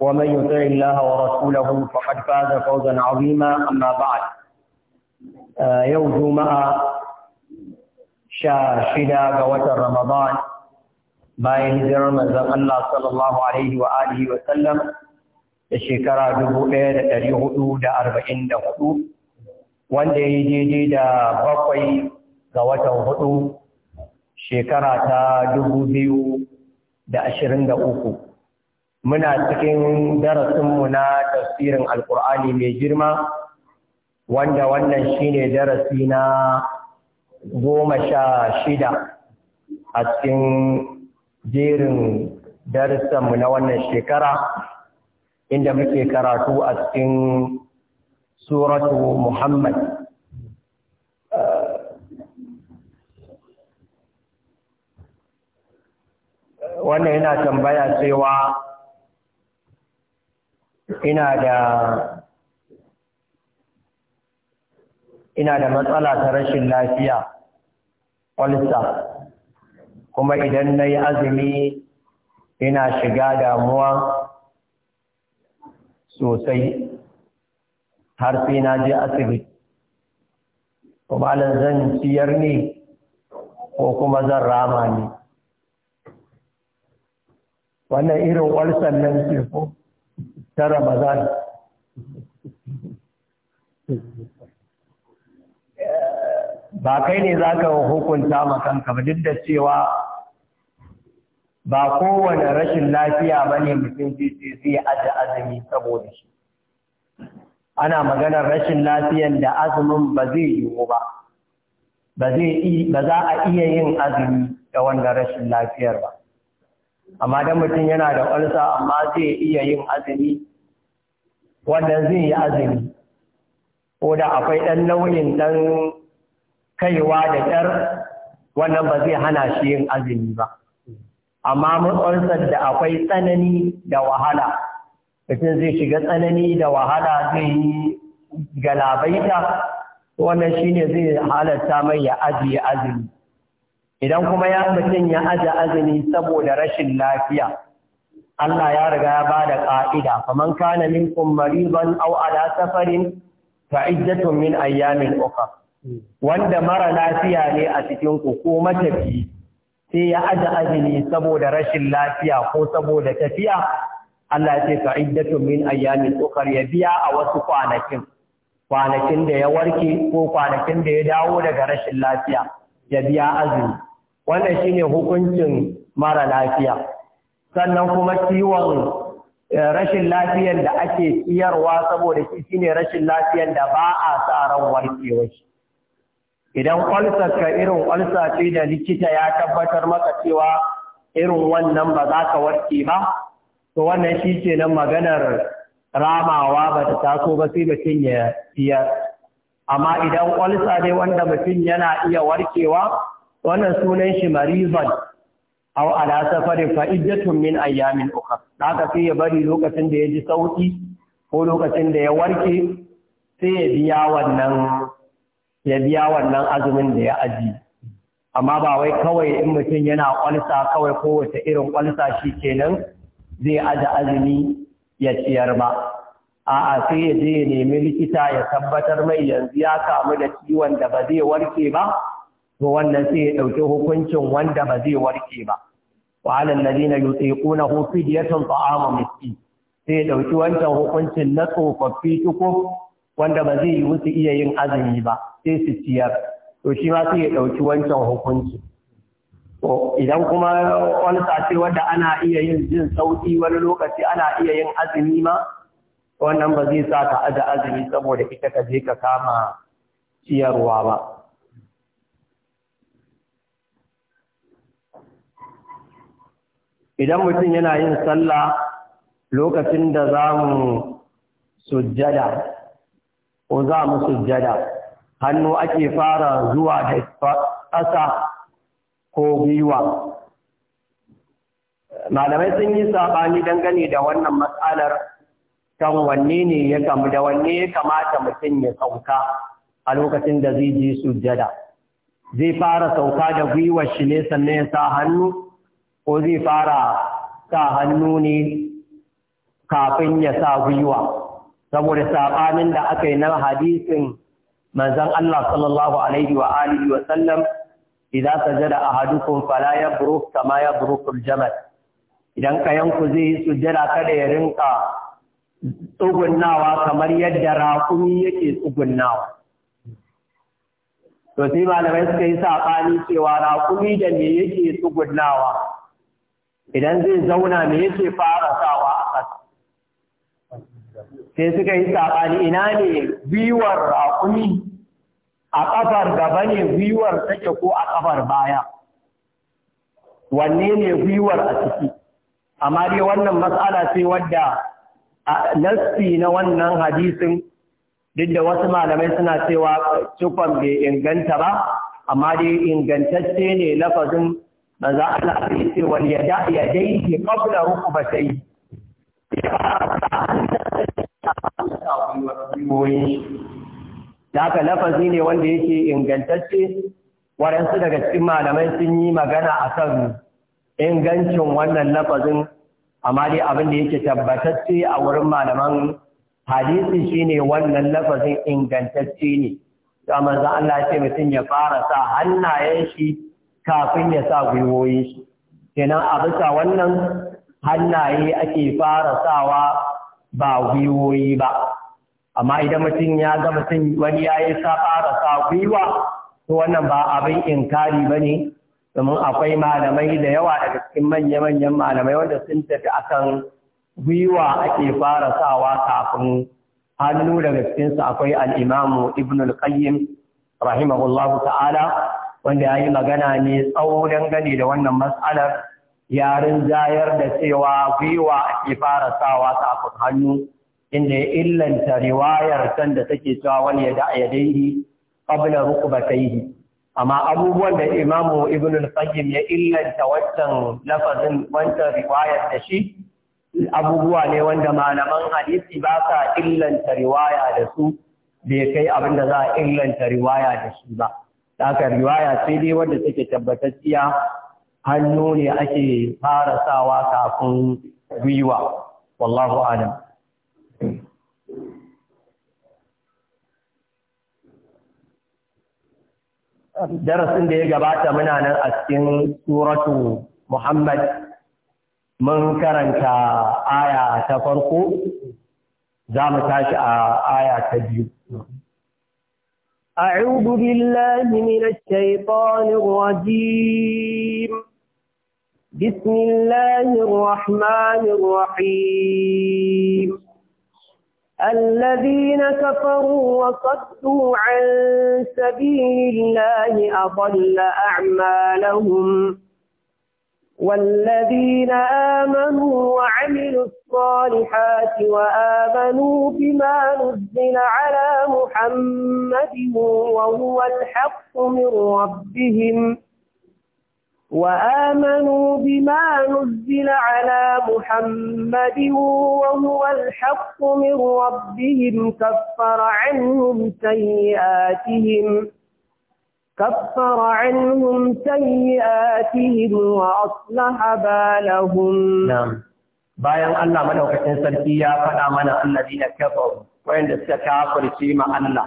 ومن يطع الله ورسوله فقد فاز فوزا عظيما أما بعد يوم جمعة شاشدة غوت رمضان bayan hijirar manzon Allah sallallahu alaihi wa alihi wa sallam da shekara 1444 wanda ya yi daidai da bakwai ga watan hudu shekara ta 2023 muna cikin darasinmu na tafsirin alkur'ani mai girma wanda wannan shine darasi na goma sha shida a cikin jerin darussanmu na wannan shekara inda muke karatu a cikin suratu muhammad wannan yana tambaya cewa ina da ina da matsala ta rashin lafiya kwalsa kuma idan na yi azumi ina shiga damuwa sosai har sai na je asibiti kuma zan ciyar ne ko kuma zan rama ne wannan irin walsan nan ce ta Ramadan ba kai ne za ka hukunta makanka ba duk da cewa ba kowane rashin lafiya ba ne mutum ce zai aji azumi saboda shi ana maganar rashin lafiyan da azumin ba zai yiwu ba ba za a iya yin azumi da wanda rashin lafiyar ba amma dan mutum yana da ƙwarsa amma zai iya yin azumi wannan zai yi azumi ko da akwai ɗan nau'in ɗan kaiwa da ƙyar wannan ba zai hana shi yin azumi ba amma matsarsar da akwai tsanani da wahala mutum zai shiga tsanani da wahala zai yi galabaita wannan shine zai halatta mai ya ajiye azumi idan kuma ya mutum ya aje azumi saboda rashin lafiya Allah ya riga ya bada ka'ida faman kana minkum mariban aw ala safarin fa iddatun min ayyamin ukha wanda mara lafiya ne a cikin ku ko matafi sai ya aje azumi saboda rashin lafiya ko saboda tafiya Allah ya ce fa iddatun min ayyamin ukha ya biya a wasu kwanakin kwanakin da ya warke ko kwanakin da ya dawo daga rashin lafiya ya biya azumi wannan shine hukuncin mara lafiya sannan kuma ciwon eh, rashin lafiyar da ake ciyarwa saboda shi shine rashin lafiyar da ba a sa ran warkewa idan ulcer ka irin ulcer ce da likita ya tabbatar maka cewa irin wannan ba za ka warke ba to wannan shi ce nan maganar ramawa ba ta taso ba sai mutum ya siya amma idan ulcer ne wanda mutum yana iya warkewa wannan sunan shi marizan aw ala safari fa iddatun min ayyamin ukha haka sai ya bari lokacin da ya ji sauki ko lokacin da ya warke sai ya biya wannan ya biya wannan azumin da ya aji amma ba wai kawai in mutum yana kwalsa kawai kowace irin kwalsa shi kenan zai aji azumi ya ciyar ba a'a sai ya je ya nemi likita ya tabbatar mai yanzu ya kamu da ciwon da ba zai warke ba to wannan sai ya ɗauki hukuncin wanda ba zai warke ba wa alal ladina yutiqunahu fidyatun ta'amu miskin sai ya ɗauki wancan hukuncin na tsofaffi tuko wanda ba zai wuce iya yin azumi ba sai su ciyar to shi ma sai ya ɗauki wancan hukunci to idan kuma wani sati wanda ana iya yin jin sauki wani lokaci ana iya yin azumi ma wannan ba zai sa ka aza azumi saboda ita ka je ka kama ciyarwa ba idan mutum yana yin sallah lokacin da za mu sujjada ko za mu sujjada hannu ake fara zuwa da ƙasa ko gwiwa malamai sun yi saɓani dangane da wannan matsalar kan wanne ne ya kamu da wanne ya kamata mutum ya sauka a lokacin da zai je sujjada zai fara sauka da gwiwar shi ne sannan ya sa hannu ko zai fara sa hannu ne kafin ya sa gwiwa saboda saɓanin da aka yi na hadisin manzon Allah sallallahu alaihi wa alihi wa sallam idan a ahadukum fala buruk kama burukul jamal idan ka yanku zai yi kada ya rinka tsugunnawa kamar yadda raƙumi yake tsugunnawa to sai malamai suka yi saɓani cewa raƙumi da me yake tsugunnawa idan zai zauna me yake fara sawa a ƙasa sai suka yi saɓani ina ne gwiwar raƙumi a ƙafar gaba ne gwiwar take ko a ƙafar baya wanne ne gwiwar a ciki amma dai wannan matsala sai wadda nassi na wannan hadisin duk da wasu malamai suna cewa cikon bai inganta ba amma dai ingantacce ne lafazin maza Allah ya ce wal yada yadayhi qabla rukbatayhi da haka lafazi ne wanda yake ingantacce waɗansu daga cikin malamai sun yi magana akan kan ingancin wannan lafazin amma dai abin da yake tabbatacce a wurin malaman hadisi shine wannan lafazin ingantacce ne. Amma za Allah ya ce mutum ya fara sa hannayen shi kafin ya sa gwiwoyin shi kenan a bisa wannan hannaye ake fara sawa ba gwiwoyi ba amma idan mutum ya ga mutum wani ya yi sa fara sa gwiwa to wannan ba abin inkari ba ne domin akwai malamai da yawa daga cikin manya-manyan malamai wanda sun tafi akan gwiwa ake fara sawa kafin hannu daga cikinsu akwai al'imamu ibn al-qayyim rahimahullahu ta'ala wanda ya yi magana ne tsawo gani da wannan matsalar yarin zayar da cewa gwiwa ake fara sawa kafin hannu inda ya illanta riwayar can da take cewa wani ya da'a yadaihi qabla rukbatayhi amma abubuwan da imamu ibn al-qayyim ya illanta wancan lafazin wancan riwayar da shi abubuwa ne wanda malaman hadisi ba sa illanta riwaya da su bai kai abin da za a illanta riwaya da shi ba Daka riwaya sai dai wanda take tabbatacciya hannu ne ake fara sawa kafin gwiwa. Wallahu alam. Darasin da ya gabata muna nan a cikin suratu Muhammad mun karanta aya ta farko za mu tashi a aya ta biyu. أعوذ بالله من الشيطان الرجيم بسم الله الرحمن الرحيم الذين كفروا وصدوا عن سبيل الله أضل أعمالهم والذين آمنوا وعملوا الصالحات وآمنوا بما نزل على محمد وهو الحق من ربهم وآمنوا بما نزل على محمد وهو الحق من ربهم كفر عنهم سيئاتهم كفر عنهم سيئاتهم وأصلح بالهم نعم bayan Allah madaukakin sarki ya faɗa mana alladina kafaru wayanda suka kafirce ma Allah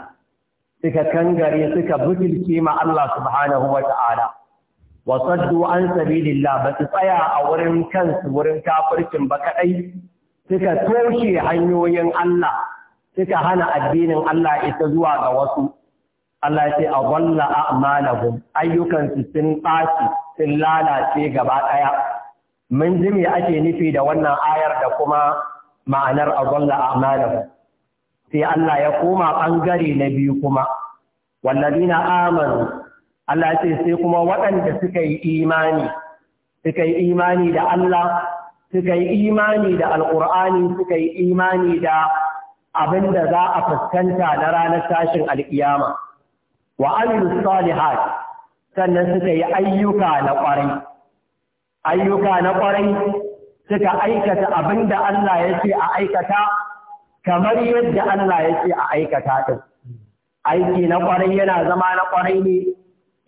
suka kangare suka bujilce ma Allah subhanahu wata'ala wa saddu an sabilillah ba su tsaya a wurin kansu wurin kafircin ba kadai suka toshe hanyoyin Allah suka hana addinin Allah isa zuwa ga wasu Allah ya ce a walla a'malahum ayyukansu sun ɓaci sun lalace gaba ɗaya mun ji me ake nufi da wannan ayar da kuma ma'anar a walla a'malahum sai Allah ya koma ɓangare na biyu kuma na amanu Allah ya ce sai kuma waɗanda suka yi imani suka yi imani da Allah suka yi imani da Al’ur'ani, suka yi imani da abin da za a fuskanta na ranar tashin alƙiyama wa amilu salihat sannan suka yi ayyuka na ƙwarai ayyuka na ƙwarai suka aikata abin da Allah ya ce a aikata kamar yadda Allah ya ce a aikata aiki na ƙwarai yana zama na ƙwarai ne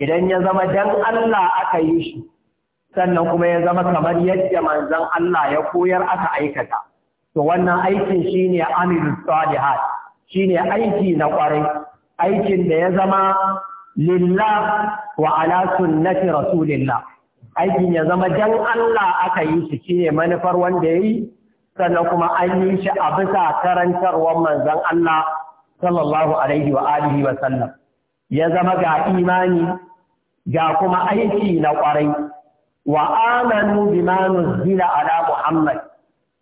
idan ya zama dan Allah aka yi shi sannan kuma ya zama kamar yadda manzon Allah ya koyar aka aikata to wannan aikin shine amilu salihat shine aiki na ƙwarai aikin da ya zama lillah wa ala sunnati rasulillah aikin ya zama dan Allah aka yi shi shine manufar wanda yayi sannan kuma an yi shi a bisa karantarwar manzon Allah sallallahu alaihi wa alihi wa sallam ya zama ga imani ga kuma aiki na kwarai wa amanu bima nuzila ala muhammad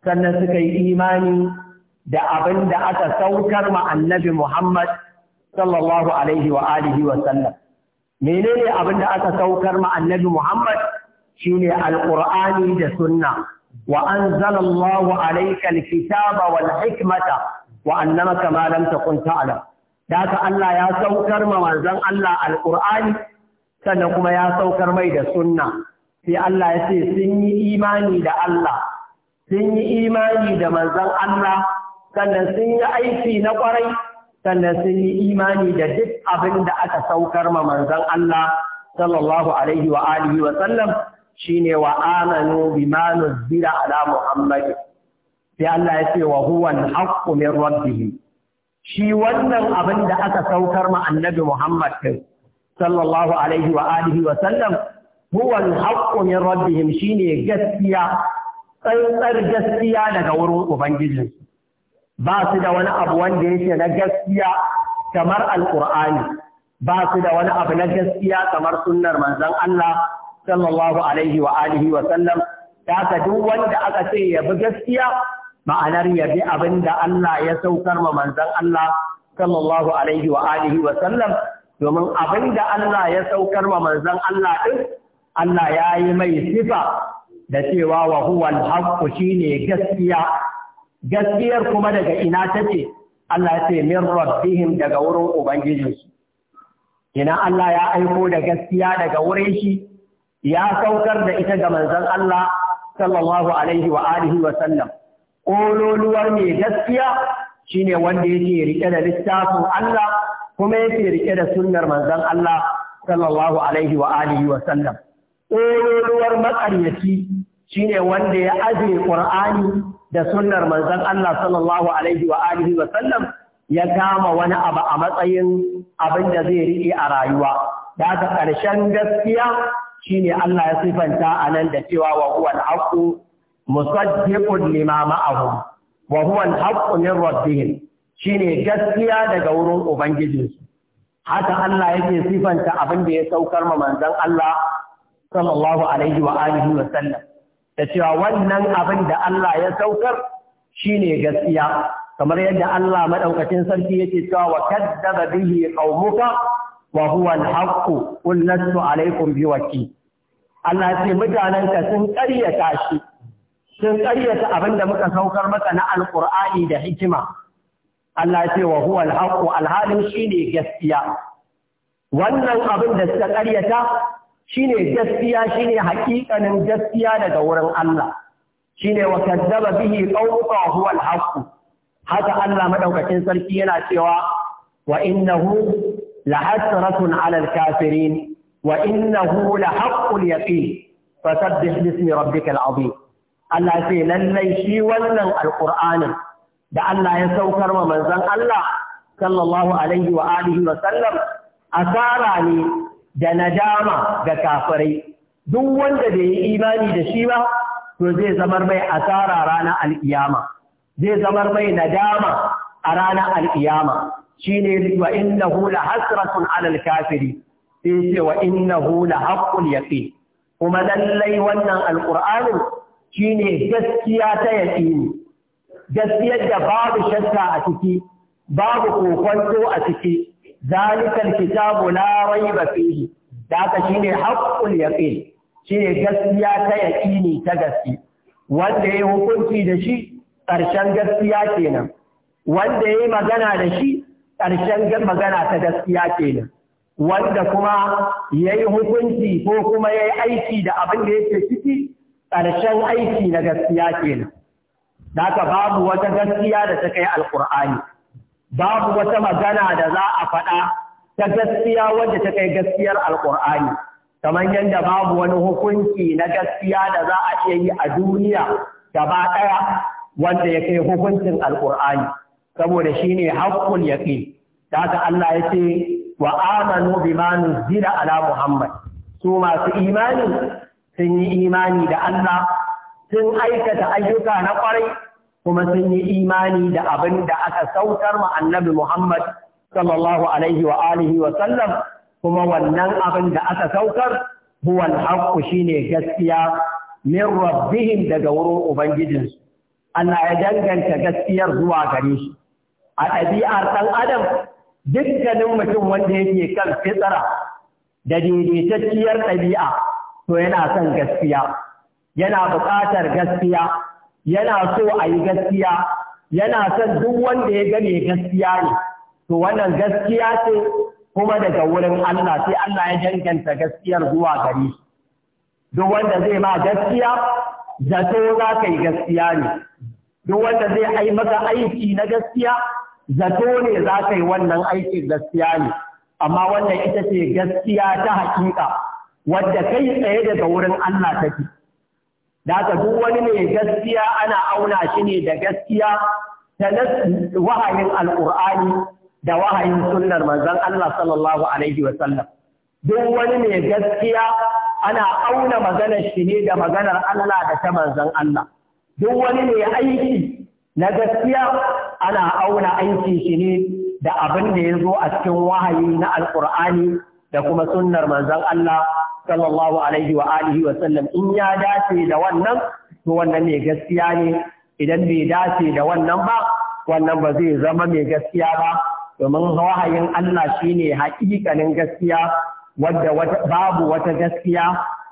sannan suka yi imani da abin da aka saukar ma annabi muhammad sallallahu alaihi wa alihi wa sallam menene abin da aka saukar ma annabi Muhammad shine alqur'ani da sunna wa anzalallahu alayka alkitaba wal hikmata wa allamaka ma lam takun ta'lam daka Allah ya saukar ma manzon Allah alqur'ani sannan kuma ya saukar mai da sunna sai Allah ya ce sun yi imani da Allah sun yi imani da manzon Allah sannan sun yi aiki na kwarai sannan sun yi imani da duk abin da aka saukar ma manzan Allah sallallahu alaihi wa alihi wa sallam shine wa amanu bima nuzila ala muhammad sai Allah ya ce wa huwa al-haqqu min rabbih shi wannan abin da aka saukar ma annabi muhammad sallallahu alaihi wa alihi wa sallam huwa al-haqqu min rabbihim shine gaskiya tsantsar gaskiya daga wurin ubangijinsu ba su da wani abu wanda yake na gaskiya kamar alqur'ani ba su da wani abu na gaskiya kamar sunnar manzon Allah sallallahu alaihi wa alihi wa sallam ta duk wanda aka ce ya bi gaskiya ma'anar ya bi abin da Allah ya saukar ma manzon Allah sallallahu alaihi wa alihi wa sallam domin abin da Allah ya saukar ma manzon Allah din Allah ya yi mai sifa da cewa wa huwa al-haqqu shine gaskiya gaskiyar kuma daga ina tace, Allah ya ce min rabbihim daga wurin ubangijinsu ina Allah ya aiko da gaskiya daga wurin shi ya saukar da ita ga manzon Allah sallallahu alaihi wa alihi wa sallam ƙololuwar mai gaskiya shine wanda yake riƙe da littafin Allah kuma yake riƙe da sunnar manzon Allah sallallahu alaihi wa alihi wa sallam ƙololuwar maƙaryaci shine wanda ya aje Qur'ani da sunnar Manzan Allah sallallahu alaihi wa alihi wa sallam ya kama wani abu a matsayin abin da zai riƙe a rayuwa da haka ƙarshen gaskiya shine Allah ya sifanta a nan da cewa wa huwa al-haqqu musaddiqun lima ma'ahum wa huwa al-haqqu min rabbihim shine gaskiya daga wurin ubangijinsu haka Allah yake sifanta abin da ya saukar ma manzon Allah sallallahu alaihi wa alihi wa sallam da cewa wannan abin da Allah ya saukar shine gaskiya kamar yadda Allah maɗaukacin sarki yake cewa wa kadzaba bihi ƙaumuka wa huwa al-haqq qul lastu alaykum biwakil Allah ya ce mutanen ka sun ƙaryata shi sun ƙaryata abin da muka saukar maka na alqur'ani da hikima Allah ya ce wa huwa al-haqq alhalin shine gaskiya wannan abin da suka ƙaryata shine gaskiya shine haƙiƙanin gaskiya daga wurin Allah shine wa kazzaba bihi qawluka huwa al-haqq haka Allah madaukakin sarki yana cewa wa innahu lahasratun 'ala al-kafirin wa innahu lahaqqul yaqin fasabbih bismi rabbikal 'azim Allah sai lallai shi wannan alqur'anin da Allah ya saukar wa manzon Allah sallallahu alaihi wa alihi wa sallam asara ne da nadama ga kafirai duk wanda bai yi imani da shi ba to zai zamar mai asara ranar al'iyama. zai zamar mai nadama a ranar Shi ne wa innahu hula hasratun alal kafiri sai ce wa innahu hula haƙƙun yaƙi. kuma lallai wannan shi shine gaskiya ta yaqini gaskiyar da babu shakka a ciki babu kokonto a ciki zalikal kitabu la raiba fihi da shine haqqul yaqin shine gaskiya ta yaqini ta gaskiya wanda yayi hukunci da shi ƙarshen gaskiya kenan wanda yayi magana da shi ƙarshen magana ta gaskiya kenan wanda kuma yayi hukunci ko kuma yayi aiki da abin da yake ciki ƙarshen aiki na gaskiya kenan da babu wata gaskiya da ta kai alqur'ani babu wata magana da za a faɗa ta gaskiya wanda ta kai gaskiyar alƙur'ani kamar yadda babu wani hukunci na gaskiya da za a iya yi a duniya gaba ɗaya wanda ya kai hukuncin alƙur'ani saboda shi ne haƙƙul yaqin daga Allah ya ce wa amanu manu nuzila ala muhammad su masu imani sun yi imani da Allah sun aikata ayyuka na ƙwarai kuma sun yi imani da abin da aka sautar ma annabi Muhammad sallallahu alaihi wa alihi wa sallam kuma wannan abin da aka saukar huwa al shine gaskiya min rabbihim daga wurin ubangijinsu Allah ya danganta gaskiyar zuwa gare shi a ɗabi'ar ɗan adam dukkanin mutum wanda yake kan fitsara da daidaitacciyar ɗabi'a to yana son gaskiya yana buƙatar gaskiya yana so a yi gaskiya yana son duk wanda ya gane gaskiya ne to wannan gaskiya ce kuma daga wurin Allah sai Allah ya danganta gaskiyar zuwa gari duk wanda zai ma gaskiya zato za ka yi gaskiya ne duk wanda zai ai maka aiki na gaskiya zato ne za ka yi wannan aiki gaskiya ne amma wannan ita ce gaskiya ta hakika wadda kai tsaye daga wurin Allah take da haka duk wani mai gaskiya ana auna shi ne da gaskiya ta wahayin alƙur'ani da wahayin sunnar manzon Allah sallallahu alaihi duk wani mai gaskiya ana auna maganar shi ne da maganar Allah da ta manzon Allah duk wani mai aiki na gaskiya ana auna aiki shi ne da abin da ya zo a cikin wahayi na alƙur'ani da kuma sunnar manzon Allah sallallahu alaihi wa alihi wa sallam in ya dace da wannan to wannan mai gaskiya ne idan bai dace da wannan ba wannan ba zai zama mai gaskiya ba domin wahayin Allah shine haƙiƙanin gaskiya wadda babu wata gaskiya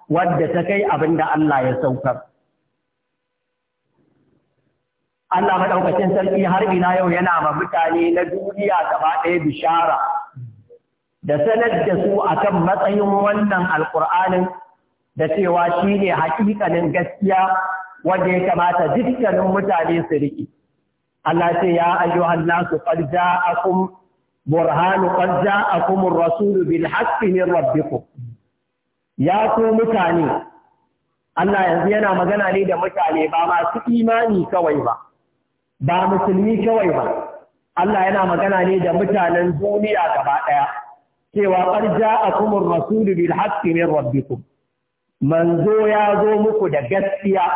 wadda ta kai abin da Allah ya saukar Allah maɗaukacin sarki har ina yau yana ma mutane na duniya gaba ɗaya bishara da sanar da su akan matsayin wannan alƙur'anin da cewa shi ne haƙiƙanin gaskiya wanda ya kamata dukkanin mutane su riƙe. Allah ce ya su ƙarja a kun burhanu ƙarja a kun rasul bil haƙƙinin rabbiku. Ya ku mutane Allah yanzu yana magana ne da mutane ba masu imani kawai ba ba musulmi kawai ba Allah yana magana ne da mutanen duniya gaba ɗaya. cewa ƙarja a kuma rasulu bil haƙƙi min rabbikum manzo ya zo muku da gaskiya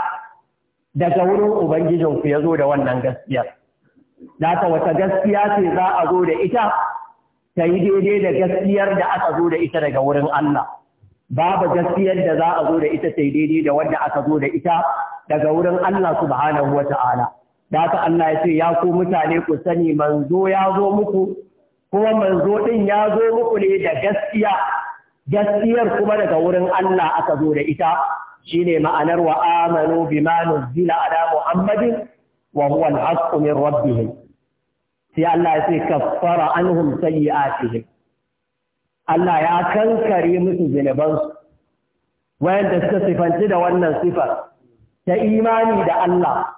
daga wurin ubangijinku ya zo da wannan gaskiyar da wata gaskiya ce za a zo da ita ta yi daidai da gaskiyar da aka zo da ita daga wurin Allah babu gaskiyar da za a zo da ita ta yi daidai da wanda aka zo da ita daga wurin Allah subhanahu wata'ala da daka Allah ya ce ya ku mutane ku sani manzo ya zo muku kuma manzo din ya zo muku ne da gaskiya gaskiyar kuma daga wurin Allah aka zo da ita shine ma'anar wa amanu bima nuzila ala muhammadin wa huwa al haqq min rabbihim sai Allah ya ce kaffara anhum sayi'atihim Allah ya kankare musu zunubansu wayanda suka sifanci da wannan sifar ta imani da Allah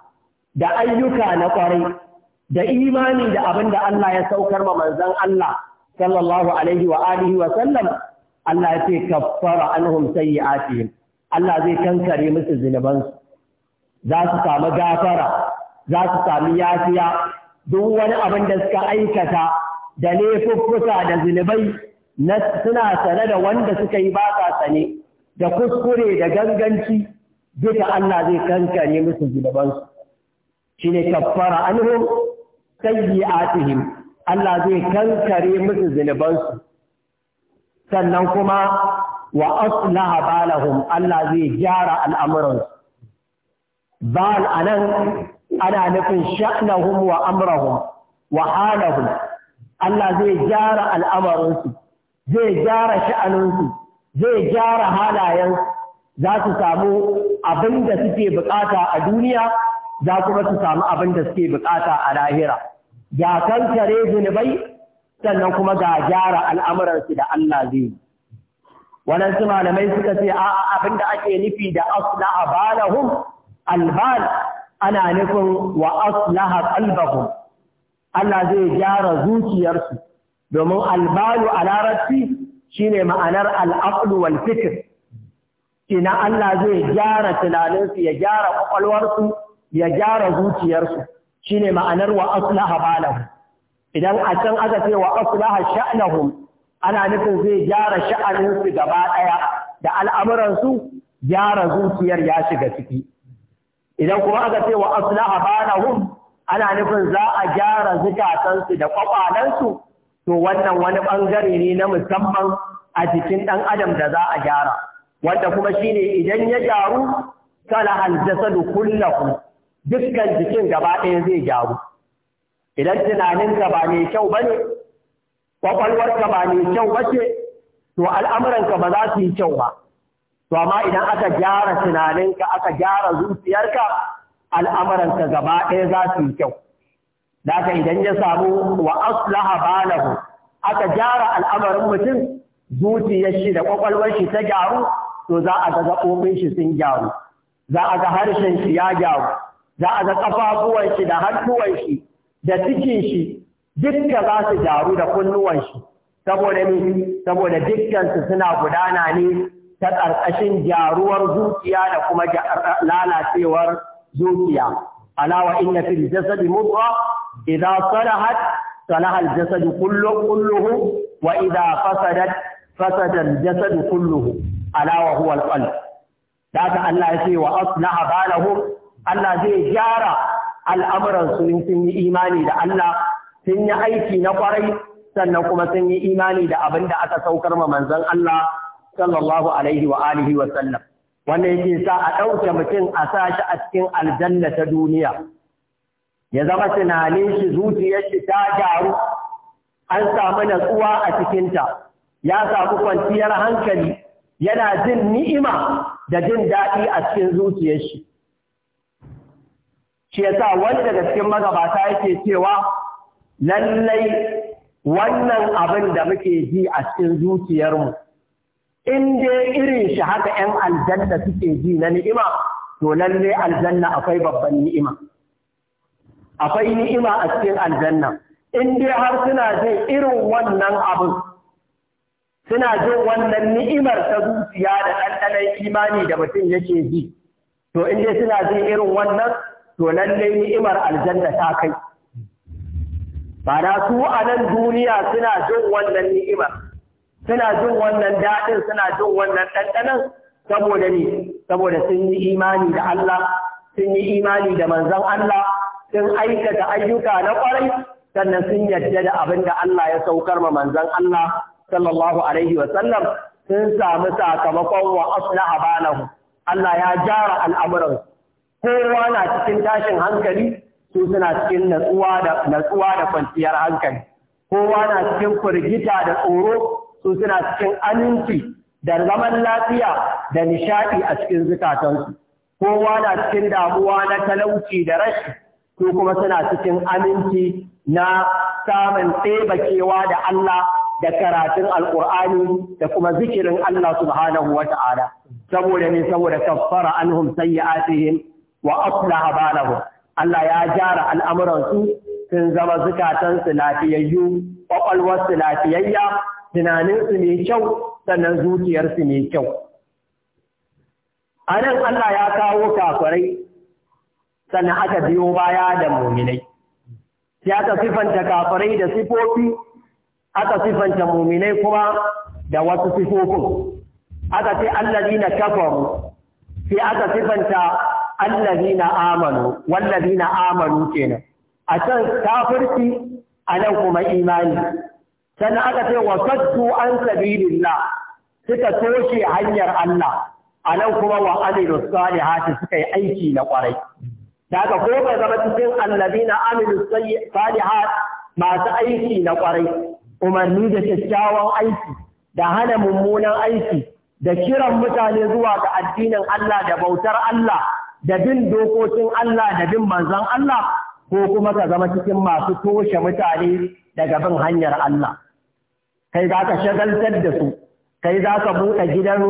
da ayyuka na ƙwarai. da imani da abin da Allah ya saukar ma manzon Allah sallallahu alaihi wa alihi wa sallam Allah ya ce kaffara anhum sayyi'atihim Allah zai kankare musu su za su samu gafara za su sami yafiya duk wani abin da suka aikata da laifuffuka da zunubai suna sane da wanda suka yi ba sa sane da kuskure da ganganci duka Allah zai kankare musu zunubansu shine kaffara anhum a cikin Allah zai kankare musu zunubansu sannan kuma wa aslaha balahum Allah zai gyara al'amuransu bal anan ana nufin sha'nahum wa amrahum wa halahum Allah zai gyara al'amuransu zai gyara sha'aninsu zai gyara halayensu za su samu abin da suke bukata a duniya za kuma su samu abinda suke bukata a lahira. ga kankare zunubai sannan kuma ga gyara al'amuransu da Allah zai yi. Waɗansu malamai suka ce, A'a abin da ake nufi da aslaha balahum albal ana nufin wa aslaha qalbahum Allah zai gyara zuciyarsu domin albalu a larabci shine ma'anar al'aqlu wal ina Allah zai gyara tunaninsu ya gyara ƙwaƙwalwarsu, ya gyara zuciyarsu shine ma'anar wa aslaha balahu idan a can aka ce wa aslaha sha'nahum ana nufin zai gyara sha'aninsu gaba ɗaya da al'amuransu gyara zuciyar ya shiga ciki idan kuma aka ce wa aslaha banahum ana nufin za a gyara zukatansu da kwakwalansu to wannan wani bangare ne na musamman a jikin ɗan adam da za a gyara wanda kuma shine idan ya gyaru salahal jasadu kullahu dukkan jikin gaba ɗaya zai gyaru idan tunaninka ba mai kyau ba ne kwakwalwarka ba mai kyau ba ce to al'amuranka ba za su yi kyau ba to amma idan aka gyara tunaninka aka gyara zuciyarka al'amuranka gaba ɗaya za su yi kyau Daga idan ya samu wa aslaha balahu aka gyara al'amarin mutum zuciyar shi da ƙwaƙwalwar shi ta gyaru to za a ga gaɓoɓin shi sun gyaru za a ga harshen shi ya gyaru za a ga ƙafafuwan shi da hannuwan shi da cikinshi, shi dukka za su jaru da kunnuwan shi saboda ne saboda suna gudana ne ta ƙarƙashin jaruwar zuciya da kuma lalacewar zuciya alawa inna fil jasadi mudra idza salahat salaha al jasadu kulluhu wa idza fasadat fasada al jasadu kulluhu alawa huwa al qalb da Allah ya ce wa aslaha balahum Allah zai gyara al'amuransu in sun yi imani da Allah sun yi aiki na kwarai sannan kuma sun yi imani da abin da aka saukar ma manzon Allah sallallahu alaihi wa alihi wa sallam wannan yake sa a ɗauke mutum a sa shi a cikin aljanna ta duniya ya zama tunanin shi zuciyar shi ta gyaru an samu natsuwa a cikinta ya samu kwanciyar hankali yana jin ni'ima da jin daɗi a cikin zuciyar shi shi yasa wanda da cikin magabata yake cewa lallai wannan abin da muke ji a cikin zuciyarmu in dai irin shi haka 'yan aljanna suke ji na ni'ima to lallai aljanna akwai babban ni'ima akwai ni'ima a cikin aljanna in dai har suna jin irin wannan abin suna jin wannan ni'imar ta zuciya da ɗanɗanon imani da mutum yake ji to in dai suna jin irin wannan to lallai ni'imar aljanna ta kai Bana su a nan duniya suna jin wannan ni'imar suna jin wannan daɗin suna jin wannan ɗanɗanan saboda ne saboda sun yi imani da Allah sun yi imani da manzon Allah sun aikata ayyuka na ƙwarai sannan sun yarda da abin da Allah ya saukar ma manzon Allah sallallahu alaihi wa sallam sun samu sakamakon wa na abanahu Allah ya jara al'amuransu kowa na cikin tashin hankali su suna cikin natsuwa da kwanciyar hankali kowa na cikin firgita da tsoro su suna cikin aminci da zaman lafiya da nishaɗi a cikin zukatansu kowa na cikin damuwa na talauci da rashi su kuma suna cikin aminci na samun tsebakewa da Allah da karatun alƙur'ani da kuma zikirin Allah subhanahu wa ta'ala saboda ne saboda kaffara anhum sayyi'atihim wa aslaha balahum Allah ya gyara al'amuransu sun zama su lafiyayyu ƙwaƙwalwarsu lafiyayya tunaninsu mai kyau sannan zuciyarsu mai kyau a nan Allah ya kawo kafirai sannan aka biyo baya da muminai sai aka sifanta kafirai da sifofi aka sifanta muminai kuma da wasu sifofin aka ce allazi na kafaru sai aka sifanta allazina amanu wallazina amanu kenan a can kafirci a nan kuma imani sannan aka ce wa saddu an sabilillah suka toshe hanyar Allah a nan kuma wa amilu salihati suka yi aiki na kwarai daga ko ba zama cikin allazina amilu salihat masu aiki na kwarai umarni da kyakkyawan aiki da hana mummunan aiki da kiran mutane zuwa ga addinin Allah da bautar Allah da bin dokokin Allah da bin manzon Allah ko kuma ka zama cikin masu toshe mutane daga bin hanyar Allah kai za ka shagaltar da su kai za ka buɗe gidan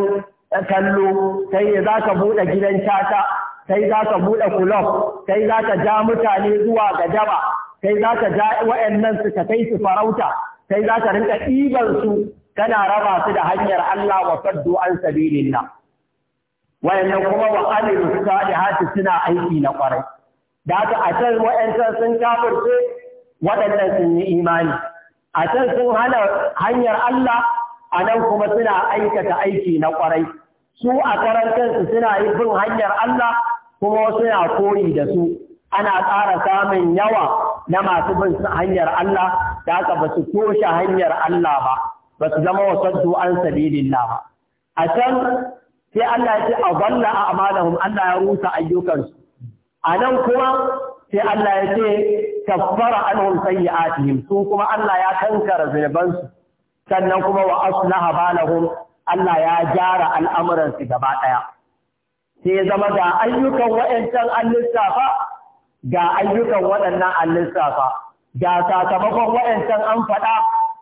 kallo kai za ka buɗe gidan cata kai za ka buɗe kulof kai za ka ja mutane zuwa ga daba kai za ka ja wa'annan su ka kai su farauta kai za ka rinka ɗiban su kana raba su da hanyar Allah wa saddu an sabilillah wayannan kuma wa amilu salihati suna aiki na kwarai da haka a can wayancan sun kafirce waɗannan sun yi imani a can sun hana hanyar Allah a nan kuma suna aikata aiki na kwarai su a karantarsu suna yi bin hanyar Allah kuma suna koyi da su ana ƙara samun yawa na masu bin hanyar Allah da haka ba su toshe hanyar Allah ba ba su zama wasantu an sabilillah ba a can sai Allah ya ce a balla a amalahun Allah ya rusa ayyukansu a nan kuma sai Allah ya ce kaffara anhum sayyi'atihim su kuma Allah ya kankara zunubansu sannan kuma wa asu na habalahun Allah ya gyara al'amuransu gaba ɗaya sai zama ga ayyukan wayancan an lissafa ga ayyukan waɗannan an lissafa ga sakamakon waɗancan an faɗa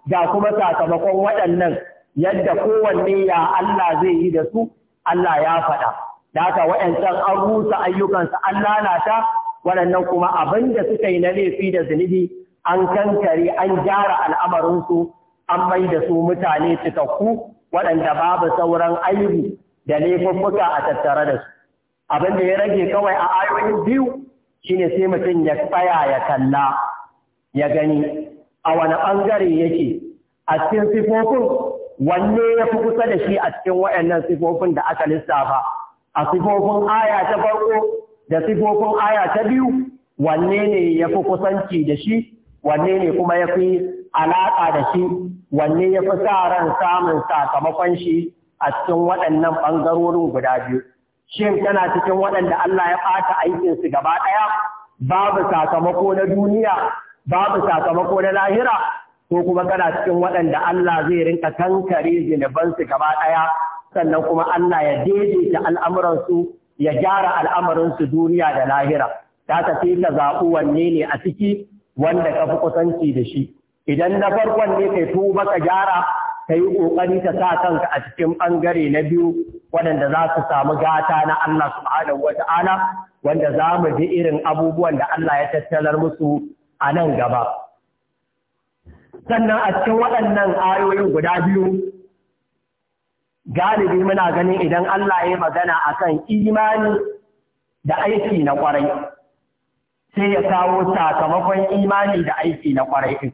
ga kuma sakamakon waɗannan yadda kowanne ya Allah zai yi da su Allah ya faɗa da haka waɗancan an rusa ayyukansu an lalata waɗannan kuma abin da suka yi na laifi da zunubi an kankare an gyara al'amarinsu an mai da su mutane cikakku waɗanda babu sauran ayyubi da laifuffuka a tattare da su abin da ya rage kawai a ayoyin biyu shine sai mutum ya tsaya ya kalla ya gani a wani ɓangare yake a cikin sifofin wanne ya fi kusa da shi a cikin waɗannan sifofin da aka lissafa a sifofin aya ta farko da sifofin aya ta biyu wanne ne ya fi kusanci da shi wanne ne kuma ya fi alaƙa da shi wanne ya fi sa ran samun sakamakon shi a cikin waɗannan ɓangarorin guda biyu shin tana cikin waɗanda Allah ya ɓata aikinsu gaba ɗaya babu sakamako na duniya babu sakamako na lahira ko kuma kana cikin waɗanda Allah zai rinka tankare zunubansu gaba ɗaya sannan kuma Allah ya daidaita al'amuransu ya gyara al'amarinsu duniya da lahira ta ka sai ka zaɓi wanne ne a ciki wanda ka fi kusanci da shi idan na farkon ne kai tuba ka gyara ka yi ƙoƙari ka sa kanka a cikin ɓangare na biyu waɗanda za su samu gata na Allah subhanahu wata'ala wanda za mu ji irin abubuwan da Allah ya tattalar musu a nan gaba. sannan a cikin waɗannan ayoyin guda biyu galibi muna ganin idan Allah ya magana akan imani da aiki na ƙwarai sai ya kawo sakamakon imani da aiki na ƙwarai ɗin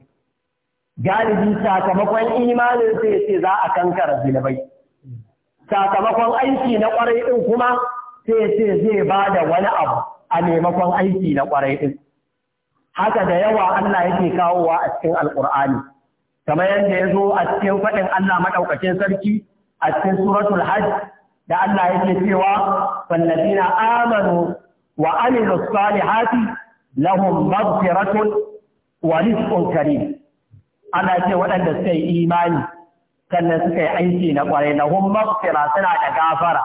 galibi sakamakon imanin sai ce za a kankara zunubai sakamakon aiki na ƙwarai ɗin kuma sai ce zai ba da wani abu a maimakon aiki na ƙwarai ɗin haka da yawa Allah yake kawowa a cikin alkur'ani kamar yadda ya zo a cikin faɗin Allah maɗaukacin sarki a cikin suratul hajj da Allah yake cewa wallazina amanu wa amilus salihati lahum maghfiratun wa rizqun karim ana ce waɗanda suka yi imani sannan suka yi aiki na ƙwarai na hun suna da gafara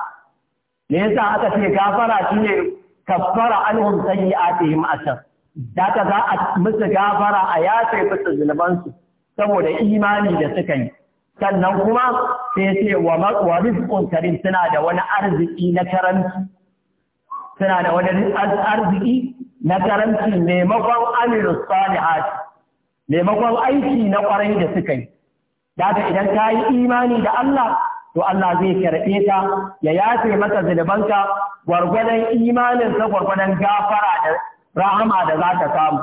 me yasa aka ce gafara shine kaffara anhum sayyi'atihim ashar Daka za a musu gafara a yafe musu zunubansu saboda imani da suka yi. Sannan kuma sai ce wa rizikun karin suna da wani arziki na karanci. Suna da wani arziki na karanci maimakon Sani salihat maimakon aiki na ƙwarai da suka yi. Daka idan ka yi imani da Allah to Allah zai karɓe ta ya yafe maka zunubanka gwargwadon imanin sa gwargwadon gafara da rahama da za ta samu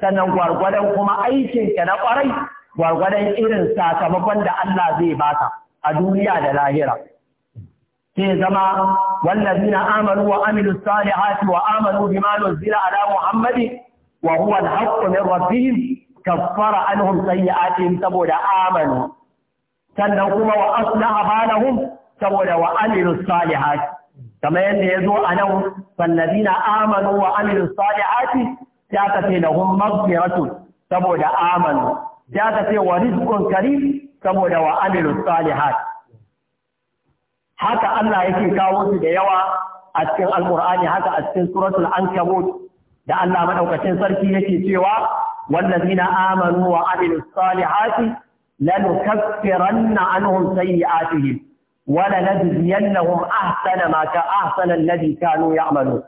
sannan gwargwadon kuma aikinka na kwarai gwargwadon irin sakamakon da Allah zai baka a duniya da lahira sai zama wallazina amanu wa amilu salihati wa amanu bima nuzila ala muhammadi wa huwa al-haqqu min rabbihim kaffara anhum sayyi'atihim saboda amanu sannan kuma wa aslaha balahum saboda wa amilu salihati kamar yadda ya zo a nan fallazina amanu wa amilu salihati ya aka ce lahum maghfiratun saboda amanu Ya aka ce wa karim saboda wa amilu salihat haka Allah yake kawo su da yawa a cikin alƙur'ani haka a cikin suratul ankabut da Allah madaukakin sarki yake cewa wallazina amanu wa amilu salihati lanukaffiranna anhum sayyi'atihim wala najziyannahum ahsana ma ka ahsana alladhi kanu ya'malu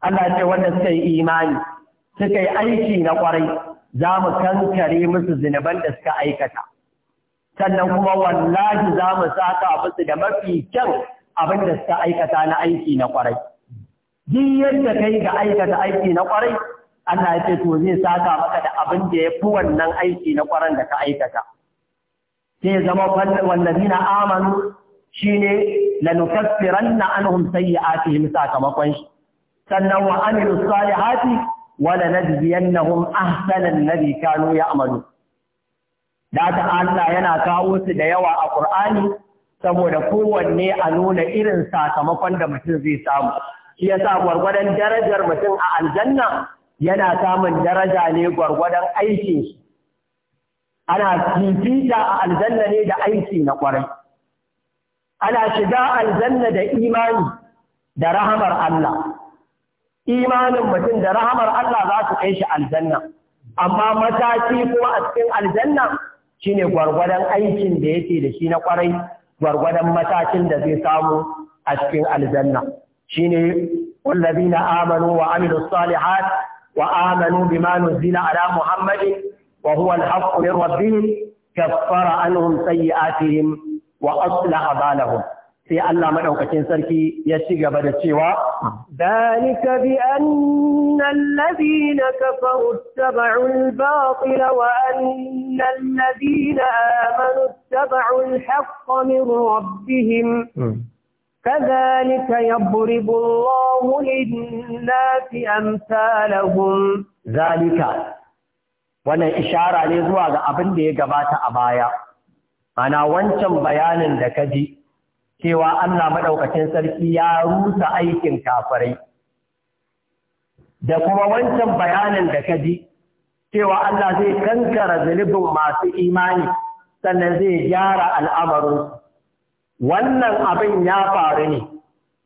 Allah ce wanda suka yi imani suka yi aiki na kwarai za mu kankare musu zinuban da suka aikata sannan kuma wallahi za mu saka musu da mafi kyan abin da suka aikata na aiki na kwarai duk yadda kai ga aikata aiki na kwarai Allah ya ce to zai saka maka da abin da ya fi wannan aiki na kwaran da ka aikata. Sai zama wallazina amanu Shi ne shine lanukassiranna anhum sayyi'atihim sakamakon shi sannan wa amilus salihati wa lanajziyannahum ahsana alladhi kanu ya'malu da ta Allah yana kawo su da yawa a Ƙur'ani saboda kowanne a nuna irin sakamakon da mutum zai samu shi yasa gwargwadon darajar mutum a aljanna yana samun daraja ne gwargwadon aikin shi ana fifita a aljanna ne da aiki na kwarai ana shiga aljanna da imani da rahamar Allah imanin mutum da rahamar Allah za su kai shi aljanna amma mataki kuma a cikin aljanna shine gwargwadon aikin da yake da shi na kwarai gwargwadon matakin da zai samu a cikin aljanna shine wallazina amanu wa Aminu salihat wa amanu bima zina ala muhammadin wa huwa al rabbihim kaffara anhum sayyi'atihim wa aslaha balahum sai Allah madaukakin sarki ya ci gaba da cewa dalika bi anna alladhina kafaru ittaba'u al-batil wa anna alladhina amanu ittaba'u al-haqqa min rabbihim كذلك يضرب الله للناس أمثالهم ذلك wannan ishara ne zuwa ga abin da ya gabata a baya ana wancan bayanin da ka ji cewa Allah maɗaukacin sarki ya rusa aikin kafirai da kuma wancan bayanin da ka ji cewa Allah zai kankara zunubin masu imani sannan zai gyara al'amarin wannan abin ya faru ne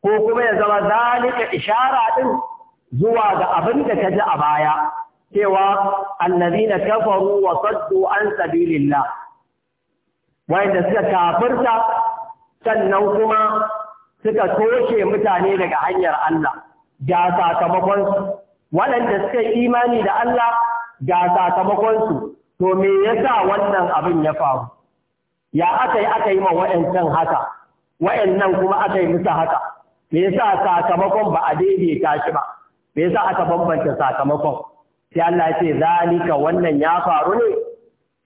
ko kuma ya zama zalika ishara ɗin zuwa ga abin da ka ji a baya cewa na kafaru wa saddu an sabilillah wayanda suka kafirta sannan kuma suka toshe mutane daga hanyar Allah ga sakamakonsu waɗanda suka yi imani da Allah ga sakamakonsu to me yasa wannan abin ya faru ya aka yi aka yi ma wa'ancan haka wa'annan kuma aka yi musu haka me yasa sakamakon ba a daidaita shi ba me yasa aka bambanta sakamakon sai Allah ya ce zalika wannan ya faru ne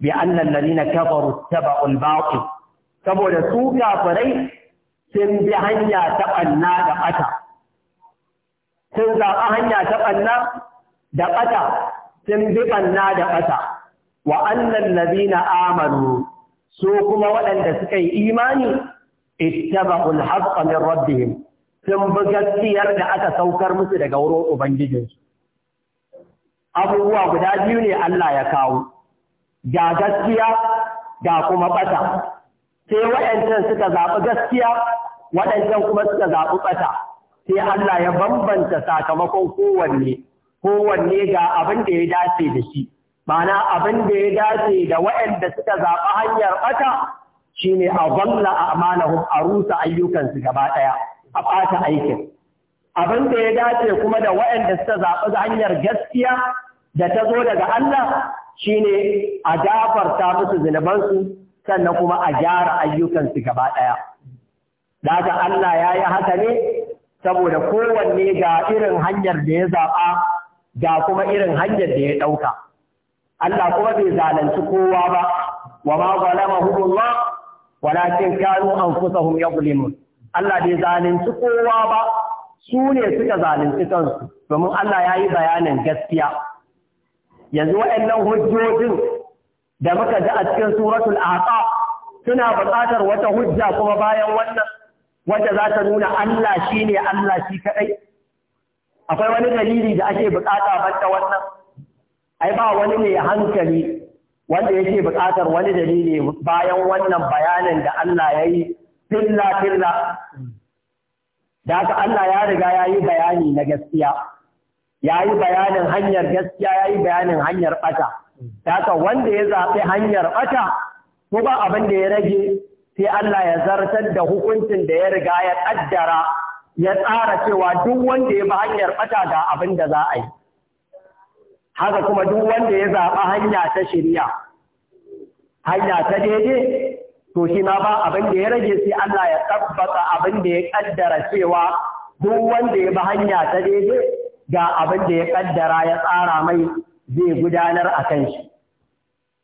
bi annal kafaru tabu al saboda su kafirai sun bi hanya ta banna da bata sun zaɓa hanya ta banna da bata sun bi ɓanna da bata wa annal ladina amanu su kuma waɗanda suka yi imani ittaba'ul haqqa min rabbihim sun bi gaskiyar da aka saukar musu daga wurin ubangijinsu abubuwa guda biyu ne Allah ya kawo ga gaskiya ga kuma ɓata. Sai waɗancan suka zaɓi gaskiya, waɗancan kuma suka zaɓi ɓata. Sai Allah ya bambanta sakamakon kowanne, kowanne ga abin da ya dace da shi. Ma'ana abin da ya dace da waɗanda suka zaɓi hanyar ɓata shi ne a gwamna a amana a rusa ayyukansu gaba ɗaya, a ɓata aikin. Abin da ya dace kuma da waɗanda suka zaɓi hanyar gaskiya da ta zo daga Allah shine a gafarta musu zunubansu sannan kuma a gyara ayyukansu gaba ɗaya. Daga Allah ya yi haka ne saboda kowanne ga irin hanyar da ya zaɓa ga kuma irin hanyar da ya ɗauka. Allah kuma bai zalunci kowa ba, wa ma zalamahumullah walakin kanu anfusahum yadhlimun. Allah bai zalunci kowa ba, su ne suka zalunci kansu, domin Allah ya yi bayanin gaskiya. yanzu waɗannan hujjojin da muka ji a cikin suratul aqa suna buƙatar wata hujja kuma bayan wannan wanda za ta nuna Allah shi ne Allah shi kaɗai. akwai wani dalili da ake buƙata banda wannan ai ba wani ne hankali wanda yake buƙatar wani dalili bayan wannan bayanin da Allah ya yi filla filla da haka Allah ya riga ya yi bayani na gaskiya ya yi bayanin hanyar gaskiya ya yi bayanin hanyar ɓata ta wanda ya zaɓi hanyar ɓata ko ba abin da ya rage sai Allah ya zartar da hukuncin da ya riga ya ƙaddara ya tsara cewa duk wanda ya bi hanyar ɓata ga abin da za a yi haka kuma duk wanda ya zaɓi hanya ta shirya hanya ta daidai to shi ma ba abin da ya rage sai Allah ya tabbata abin da ya ƙaddara cewa duk wanda ya bi hanya ta daidai ga abin da ya kaddara ya tsara mai zai gudanar a kan shi.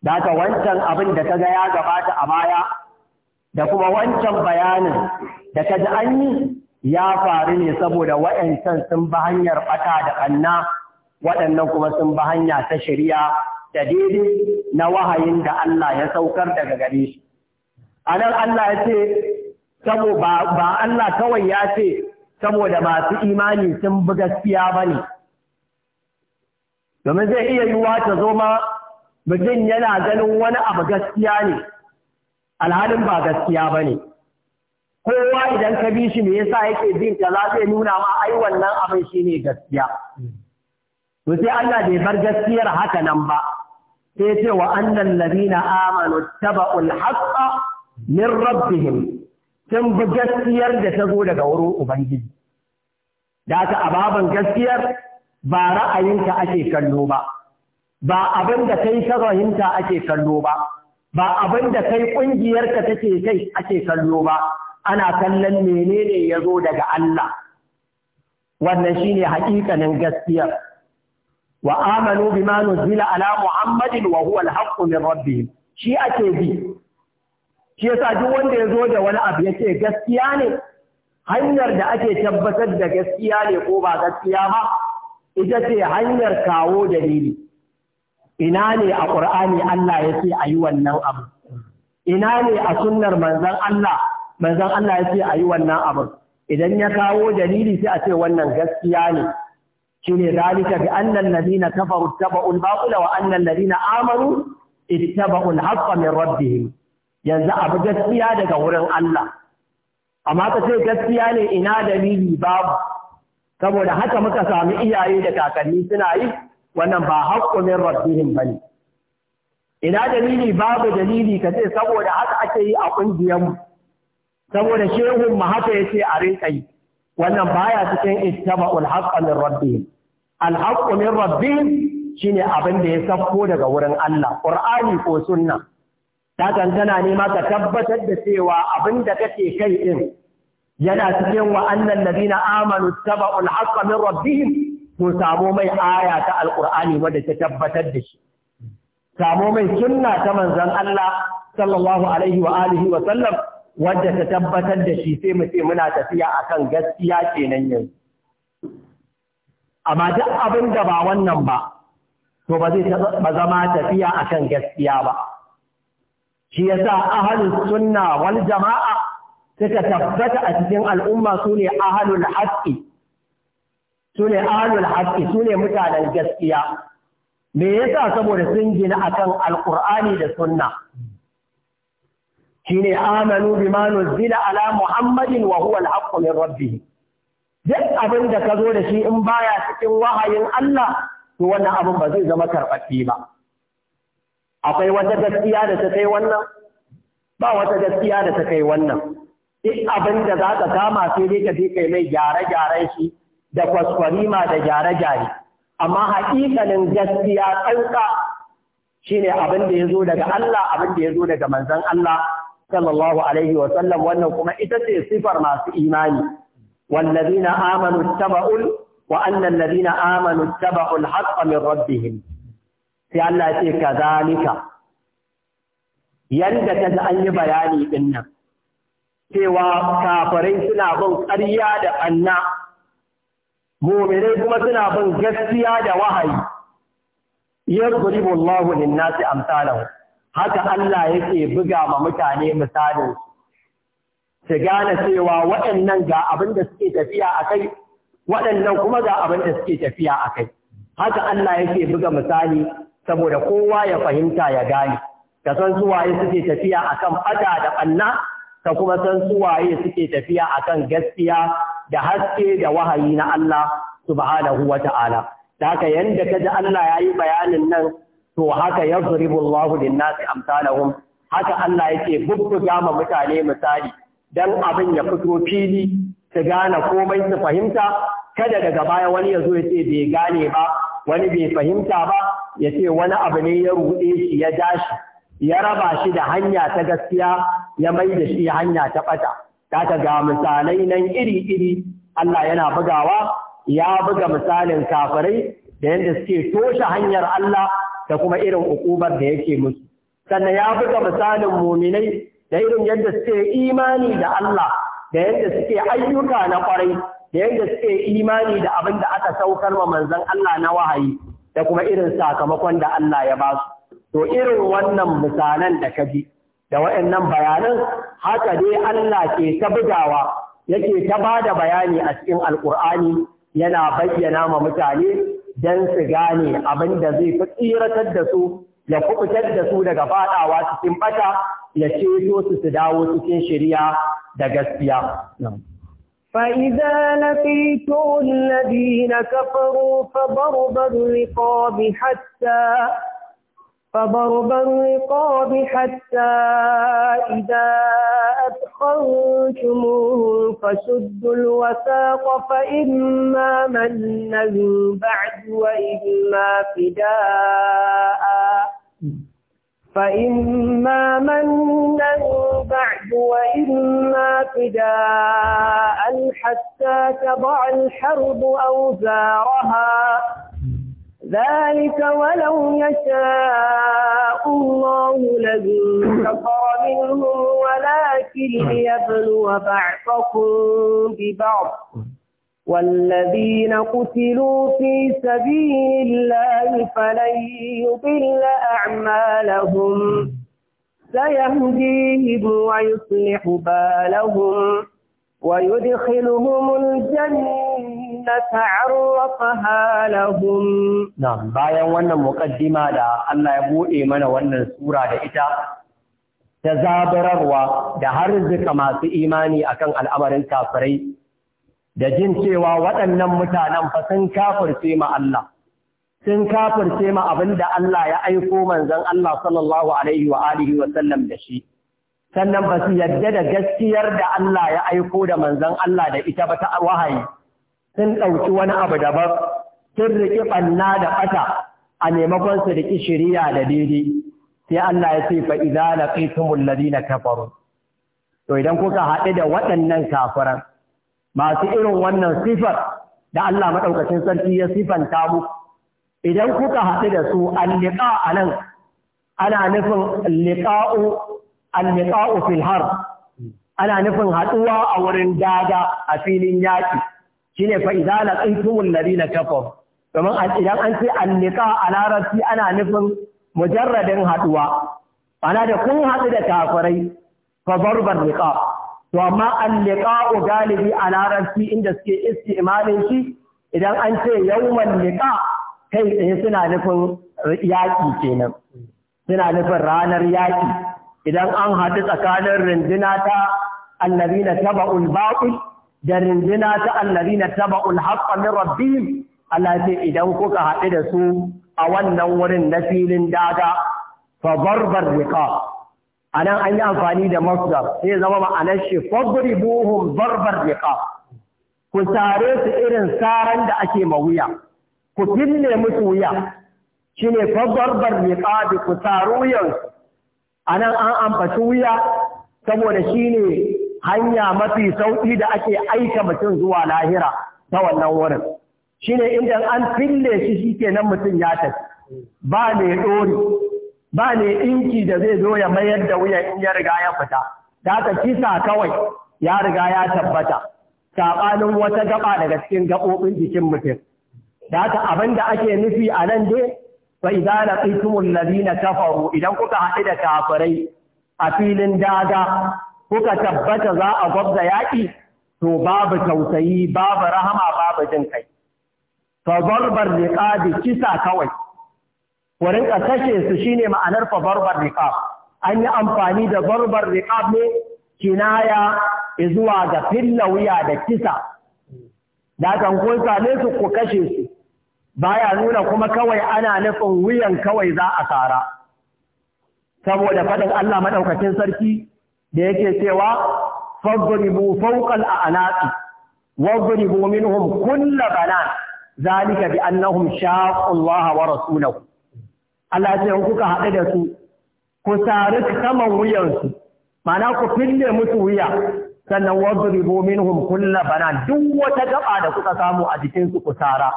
Daka wancan abin da ta ga ya gabata a baya, da kuma wancan bayanin da ta ji an yi ya faru ne saboda waɗancan sun bi hanyar ɓata da ƙanna, waɗannan kuma sun bi hanya ta shari'a da daidai na wahayin da Allah ya saukar daga gare shi. A Allah ya ce, ba Allah kawai ya ce saboda masu imani sun bi gaskiya ba ne. Domin zai iya yiwuwa ta zo ma mutum yana ganin wani abu gaskiya ne, alhalin ba gaskiya ba ne. Kowa idan ka bi shi me yasa yake bin ta za zai nuna ma ai wannan abin shi ne gaskiya. To sai Allah bai bar gaskiyar haka nan ba. Sai ce wa annan ladina amanu taba'ul haqqa min rabbihim sun bi gaskiyar da ta zo daga wurin Ubangiji. Da ta ababen gaskiyar ba ra'ayinta ake kallo ba, ba abin da kai fahimta ake kallo ba, ba abin da kai ƙungiyarka take kai ake kallo ba, ana kallon menene ya zo daga Allah. Wannan shine haƙiƙanin gaskiyar. Wa amanu bima nuzila ala Muhammadin wa huwa al-haqqu min rabbihim. Shi ake bi, shi yasa duk wanda ya zo da wani abu ce gaskiya ne hanyar da ake tabbatar da gaskiya ne ko ba gaskiya ba ita ce hanyar kawo dalili ina ne a ƙur'ani Allah ya ce a yi wannan abu ina ne a sunnar manzon Allah Allah ya ce a yi wannan abu idan ya kawo dalili sai a ce wannan gaskiya ne shine zalika bi anna alladhina kafaru tabau al-baqila wa anna alladhina amanu ittaba'u al-haqqa min rabbihim yanzu abu gaskiya daga wurin Allah amma ka ce gaskiya ne ina dalili babu saboda haka muka sami iyaye da kakanni suna yi wannan ba haƙƙo min ba bane ina dalili babu dalili ka ce saboda haka ake yi a ƙungiyar mu saboda shehun mu haka ce a rinka yi wannan baya cikin ittaba'ul haqqa min rabbihim al shine abin da ya sabko daga wurin Allah ƙur'ani ko sunna Takan tana nema ka tabbatar da cewa abin da kake kai din, yana cikin wa'annan ladina amanu taba'ul haqqa min rabbihim samo mai aya ta alqur'ani wadda ta tabbatar da shi samo mai sunna ta manzon Allah sallallahu alaihi wa alihi wa sallam wadda ta tabbatar da shi sai mu ce muna tafiya akan gaskiya kenan yanzu amma duk abin da ba wannan ba to ba zai zama tafiya akan gaskiya ba shi yasa ahlus sunna wal jama'a suka tabbata a cikin al'umma sune ahlul sune mutanen gaskiya me yasa saboda sun gina akan alqur'ani da sunna shine amanu bima Zina, ala muhammadin wa huwa alhaqqu min duk abin da ka zo da shi in baya cikin wahayin Allah to wannan abin ba zai zama karɓaɓɓe ba akwai wata gaskiya da ta kai wannan ba wata gaskiya da ta kai wannan duk abin da za ka kama sai dai ka je kai mai gyare-gyare shi da kwaskwarima da gyare-gyare amma haƙiƙanin gaskiya tsantsa shine abin da ya zo daga Allah abin da ya zo daga manzon Allah sallallahu alaihi wa sallam wannan kuma ita ce sifar masu imani wallazina amanu taba'ul wa annal ladina amanu taba'ul haqqo min rabbihim sai Allah ya ce kazalika yanda ta an yi bayani din nan cewa kafirai suna bin ƙarya da anna mu'minai kuma suna bin gaskiya da wahayi yadribu Allahu lin amsalahu haka Allah yake buga ma mutane misalin su gane cewa waɗannan ga abin da suke tafiya a kai, waɗannan kuma ga abin da suke tafiya a kai, haka Allah yake buga misali saboda kowa ya fahimta ya gane ka san suwaye suke tafiya akan fada da banna ka kuma san suwaye suke tafiya akan gaskiya da haske da wahayi na Allah subhanahu Ta'ala. da haka yanda ka ji Allah ya yi bayanin nan to haka yadribu Allahu lin-nasi amsalahum haka Allah yake bubbuga ma mutane misali dan abin ya fito fili su gane komai su fahimta kada daga baya wani ya zo ya ce bai gane ba wani bai fahimta ba ya ce wani abu ne ya ruɗe shi ya ja shi ya raba shi da hanya ta gaskiya ya mai da shi hanya ta ɓata kaka ga misalai nan iri-iri Allah yana bugawa ya buga misalin kafirai da yadda suke toshe hanyar Allah da kuma irin ukubar da yake musu sannan ya buga misalin muminai da irin yadda suke imani da Allah da yadda suke ayyuka na kwarai da yadda suke imani da abin da aka saukar wa manzon Allah na wahayi da kuma irin sakamakon da Allah ya ba su. To irin wannan misalan da ka ji, da waɗannan bayanan haka dai Allah ke ta bugawa yake ta ba da bayani a cikin Alƙur'ani yana bayyana ma mutane don su gane abin da zai fi tsiratar da su ya kubutar da su daga faɗawa cikin ɓata, ya ceto su su dawo cikin shirya da gaskiya. فإذا لقيتم الذين كفروا فضرب الرقاب حتى فضرب الرقاب حتى إذا أدخلتموه فشدوا الوثاق فإما منا بعد وإما فداء فإما منا بعد وإما فداء حتى تضع الحرب أوزارها ذلك ولو يشاء الله لذي كفر منهم ولكن ليبلو بعضكم ببعض والذين قتلوا في سبيل الله فلن يضل أعمالهم سيهديهم ويصلح بالهم ويدخلهم الجنة عرفها لهم نعم bayan wannan muqaddima da Allah ya bude mana wannan sura da ita ta zabararwa da harzika masu imani akan al'amarin kafirai da jin cewa waɗannan mutanen fa sun kafirce ma Allah sun kafirce ma abinda Allah ya aiko manzon Allah sallallahu alaihi wa alihi da shi sannan ba su yadda da gaskiyar da Allah ya aiko da manzon Allah da ita ba ta wahayi sun ɗauki wani abu daban sun riƙi ɓanna da ɓata a maimakon su riƙi shiriya da daidai sai Allah ya ce fa idza laqitumul ladina kafaru to idan kuka haɗu da waɗannan kafiran masu irin wannan sifar da Allah maɗaukacin sarki ya sifanta mu idan kuka haɗu da su a nan, ana nufin liƙa'u filhar, ana nufin haɗuwa a wurin daga a filin yaƙi shine fa idza laqitumul na kafar domin idan an ce liƙa a larabci ana nufin mujarradin haɗuwa ana da kun haɗu da kafirai fa barbar liƙa. to amma al-liqa'u galibi a larabci inda suke istimalin shi idan an ce yawman liqa kai tsaye suna nufin yaƙi kenan suna nufin ranar yaƙi idan an haɗu tsakanin rinduna ta annabi na taba'ul baqil da rinduna ta annabi na taba'ul haqqa min rabbihim Allah ce idan kuka haɗu da su a wannan wurin na filin daga fa barbar liqa a nan an yi amfani da masdar sai zama ma'anar shi buhun barbar riqab ku sare su irin saran da ake ma wuya ku finne musu wuya Shi shine fadbarbar da ku taru wuyan a nan an amfashi wuya saboda shi ne hanya mafi sauƙi da ake aika mutum zuwa lahira ta wannan wurin Shi ne inda an finne shi shi ke nan mutum ya tafi ba mai ɗori ba ne inki da zai zo ya mayar da wuya in ya riga ya fita da kisa kawai ya riga ya tabbata saɓanin wata gaba daga cikin gaɓoɓin jikin mutum da abin da ake nufi a nan dai fa idza laqitumul ladina kafaru idan kuka haɗu da kafirai a filin daga kuka tabbata za a gwabza yaƙi to babu tausayi babu rahama babu jin kai fa zarbar liqabi kisa kawai ku rinka kashe su shine ma'anar fa barbar an yi amfani da barbar riqab ne kinaya zuwa ga filla wuya da kisa da kan ne su ku kashe su baya nuna kuma kawai ana nufin wuyan kawai za a tsara saboda faɗin Allah maɗaukacin sarki da yake cewa fadribu fawqa al-a'naqi wadribu minhum kull banan zalika bi annahum shaqu Allah wa rasulahu Allah in kuka haɗu da su ku sari saman wuyansu mana ku fille musu wuya sannan ribo minhum kullu bana duk wata gaba da kuka samu a jikinsu ku sara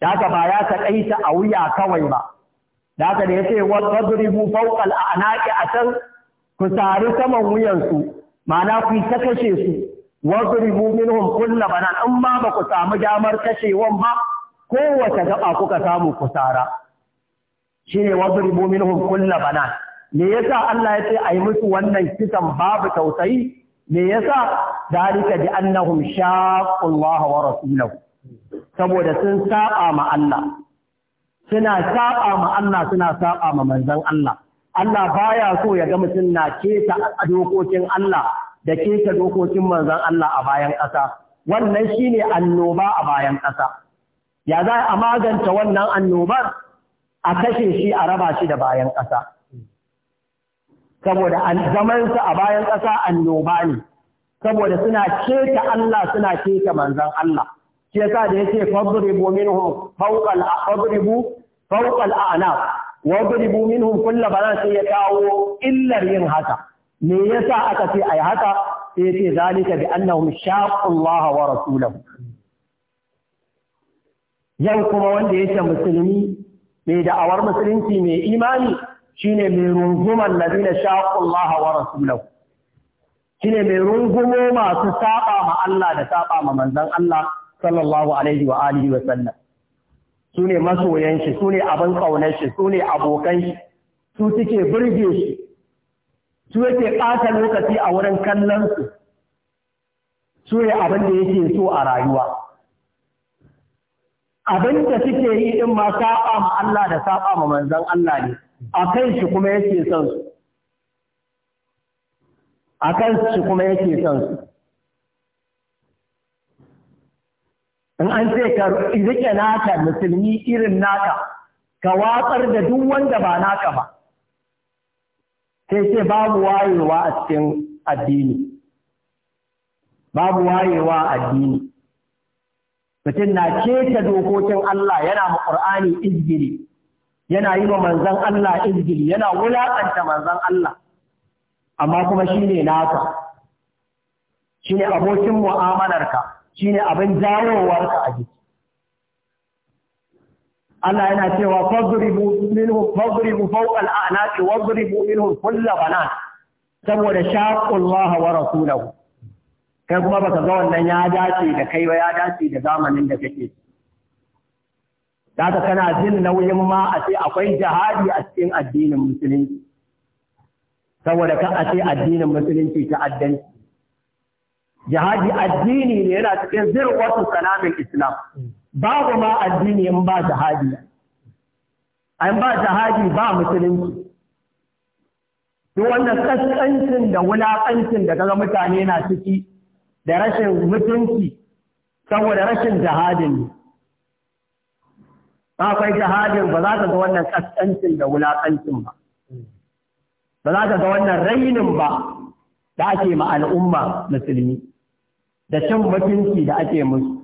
da haka ba ya ɗaita a wuya kawai ba da haka da yace a anaƙI a can ku sari saman wuyansu mana ku ta kashe su wadribu minhum kullu banan in ma ba ku samu damar kashewan ba kowace gaba kuka samu ku sara Shi ne wadribu minhum kullu bana me yasa Allah ya ce a yi musu wannan kisan babu tausayi me yasa dalika bi annahum shaqqu Allah wa rasulahu saboda sun saba ma Allah suna saba ma Allah suna saba ma manzon Allah Allah baya so ya ga mutum na keta dokokin Allah da keta dokokin manzon Allah a bayan ƙasa wannan shine annoba a bayan ƙasa ya za a magance wannan annobar a kashe shi a raba shi da bayan ƙasa. Saboda zamansu a bayan ƙasa annoba ne, saboda suna keta Allah suna keta manzan Allah. Shi yasa da yake fadribu minhum fawqal fadribu fawqal a'naq wa fadribu minhum kullu banan sai ya kawo illar yin haka. Me yasa aka ce ai haka? Sai ce zalika bi annahum shaqu Allah wa rasulahu. Yau kuma wanda ya yake musulmi mai da'awar musulunci mai imani shine mai rungumar ladina shaqullaha wa rasulahu shine mai rungumo masu saba ma Allah da saba ma manzon Allah sallallahu alaihi wa alihi wa sallam sune masoyan shi sune abin kaunar shi sune abokan shi su suke burge shi su yake ɓata lokaci a wurin kallon su su ne abin da yake so a rayuwa abin da suke yi in ma saba ma Allah da saba ma manzon Allah ne a kan shi kuma yake son su a kan shi kuma yake son su in an ce ka rike naka musulmi irin naka ka watsar da duk wanda ba naka ba sai ce babu wayewa a cikin addini babu wayewa addini mutum na keta dokokin Allah yana ma Qur'ani izgiri yana yi wa manzon Allah izgiri yana wulakanta manzon Allah amma kuma shine naka shine abokin mu'amalarka shine abin jawowarka a jiki Allah yana cewa fadribu minhu fadribu fawqa al-a'naqi wadribu minhu kull banan saboda shaqullah wa rasulahu kai kuma baka ga wannan ya dace da kai ba ya dace da zamanin da kake Daga kana jin nauyin ma a ce akwai jihadi a cikin addinin musulunci. Saboda kan a ce addinin musulunci ta addanci. Jihadi addini ne yana cikin zirwatu salamin Islam. Babu ma addini in ba jihadi. An ba jihadi ba musulunci. Duk wannan kaskancin da wulakancin da kaga mutane na ciki da rashin mutunci saboda rashin jihadin ne kai jihadin ba za ka ga wannan kaskancin da wulaƙancin ba ba za ka ga wannan rainin ba da ake ma al'umma musulmi da cin mutunci da ake musu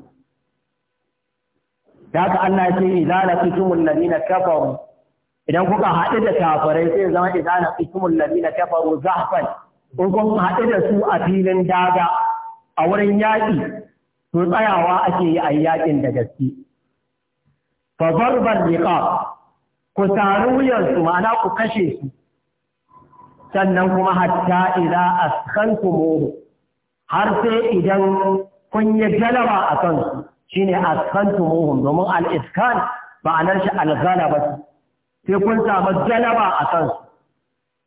da haka Allah ya ce idza na ladina kafaru idan kuka haɗu da kafirai sai zama idza laqitumul ladina kafaru zahfan kun haɗu da su a filin daga a wurin yaƙi to tsayawa ake yi a yaƙin da gaske fa zarban ku sari wuyansu ma'ana ku kashe su sannan kuma hatta idza askantumuhu har sai idan kun yi galaba a kansu shine askantumuhum domin al ma'anar shi al su, sai kun samu galaba a kansu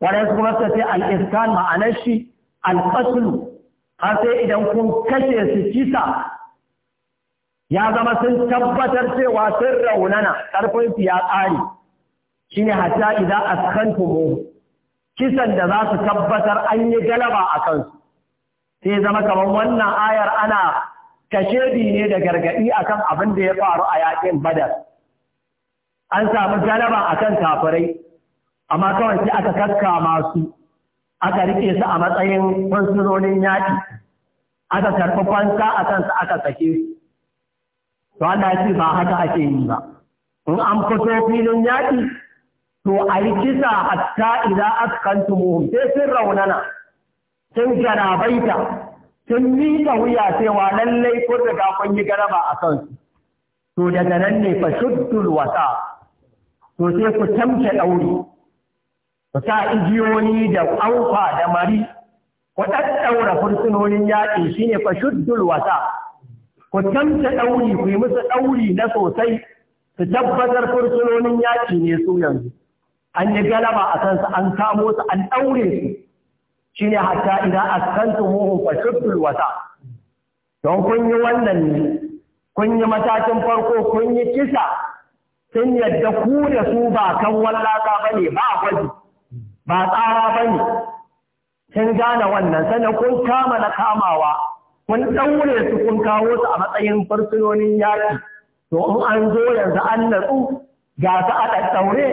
wannan kuma sai al ma'anar shi al har sai idan kun kashe su kisa ya zama sun tabbatar cewa sun raunana ƙarfin su ya ƙare shine hatta idan askantumuhu kisan da za su tabbatar an yi galaba a kansu sai zama kamar wannan ayar ana kashe ne da gargaɗi akan abin da ya faru a yaƙin badar an samu galaba akan kafirai amma kawai sai aka kakkama su aka rike su a matsayin fansunonin yaƙi aka karfi fansa a su aka sake su to Allah ya ce ba haka ake yi ba in an fito filin yaƙi to a yi kisa hatta idan askantumuhum sai sun raunana sun garabaita sun miƙa wuya sai wa lallai kun riga kun yi garaba a kansu to daga nan ne fa shuddul wasa to sai ku tamke ɗauri ta sa igiyoyi da ƙaufa da mari ku ɗaɗɗaura fursunonin yaƙi shi ne shuddul wasa ku tamta ɗauri ku yi musu ɗauri na sosai su tabbatar fursunonin yaƙi ne su yanzu an yi galaba a kansu an kamo su an ɗaure su Shi hatta idan askantu muhun fa shuddul don kun yi wannan ne kun yi matakin farko kun yi kisa sun yadda ku da su ba kan wallaka ba ne ba gwaji ba tsara ba ne sun gane wannan sani kun kama na kamawa kun ɗaure su kun kawo su a matsayin fursunonin yaƙi to in an zo yanzu an natsu ga su a ɗaɗɗaure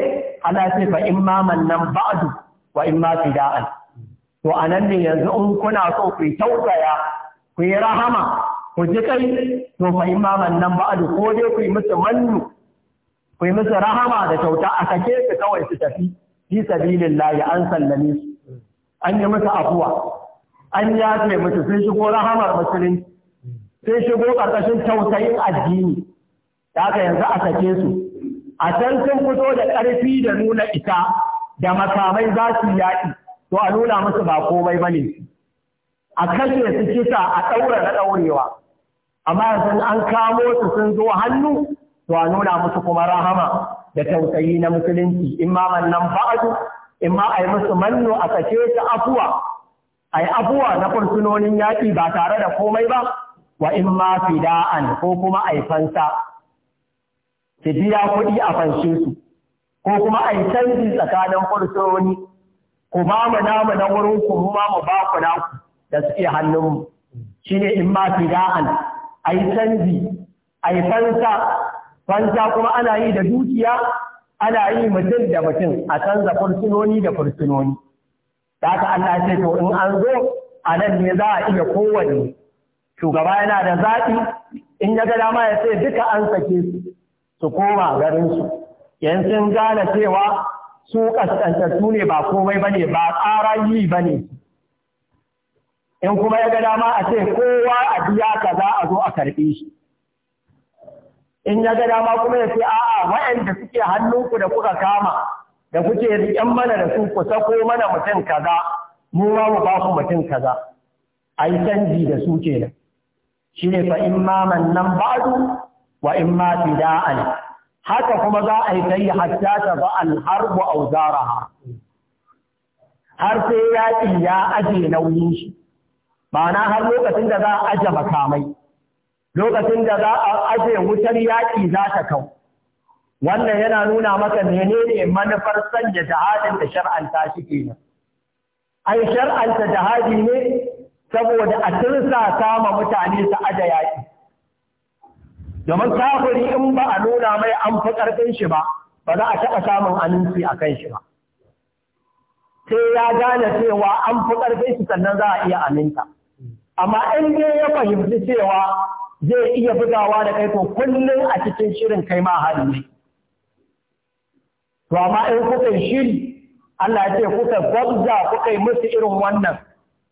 ala sai fa in ma mannan ba'adu, wa in ma fida'an to a nan ne yanzu in kuna so ku tausaya ku yi rahama ku ji kai to fa in ma mannan ko dai ku yi musu mannu ku yi musu rahama da kyauta a sake su kawai su tafi fi layi an sallame su an yi musu afuwa an yafe musu sun shigo rahamar musulunci sun shigo ƙarƙashin tausayin addini da aka yanzu a sake su a can sun fito da ƙarfi da nuna ita da makamai za su yaƙi to a nuna musu ba komai ba ne a kashe su kisa a ɗaura na ɗaurewa amma yanzu an kamo su sun zo hannu to a nuna musu kuma rahama da tausayi na musulunci in ma mannan ba'adu in ma ai musu manno a sace ta afuwa ai afuwa na fursunonin yaƙi ba tare da komai ba wa in ma fida'an ko kuma ai fansa su biya kuɗi a fanshe su ko kuma ai canji tsakanin fursunoni ku ba mu namu na wurin ku mu ma mu ba ku naku da su suke shi shine in ma fida'an ai canji ai fansa Fanta kuma ana yi da dukiya ana yi mutum da mutum a canza fursunoni da fursunoni ta ka Allah ce to in an zo a nan ne za a iya kowane shugaba yana da zaɓi in ya ga dama ya ce duka an sake su su koma garinsu yanzu sun gane cewa su ƙasƙantattu ne ba komai ba ne ba ƙara yi ba ne in kuma ya ga dama a ce kowa a biya za a zo a karɓe shi in ya ga dama kuma ya ce a'a waɗanda suke hannunku da kuka kama da kuke riƙen mana da su ku sako mana mutum kaza mu ma mu ba ku mutum kaza Ai canji da su nan. shi ne fa in ma ba'du wa in ma fida'an haka kuma za a yi kai hatta ta ba alharbu auzaraha har sai yaƙi ya aje nauyin shi ma'ana har lokacin da za a aje makamai lokacin da za a aje wutar yaƙi za ta kau wannan yana nuna maka menene manufar sanya jihadin da shar'anta shi nan. ai shar'anta jihadi ne saboda a tursa sama mutane su aje yaƙi domin kafiri in ba a nuna mai an fi ƙarfin shi ba ba za a taɓa samun aminci a kan shi ba sai ya gane cewa an fi ƙarfin shi sannan za a iya aminta amma in dai ya fahimci cewa zai iya bugawa da kai ko kullum a cikin shirin kai ma hali ne to amma in kuka shiri Allah ya ce kuka gwabza kuka yi musu irin wannan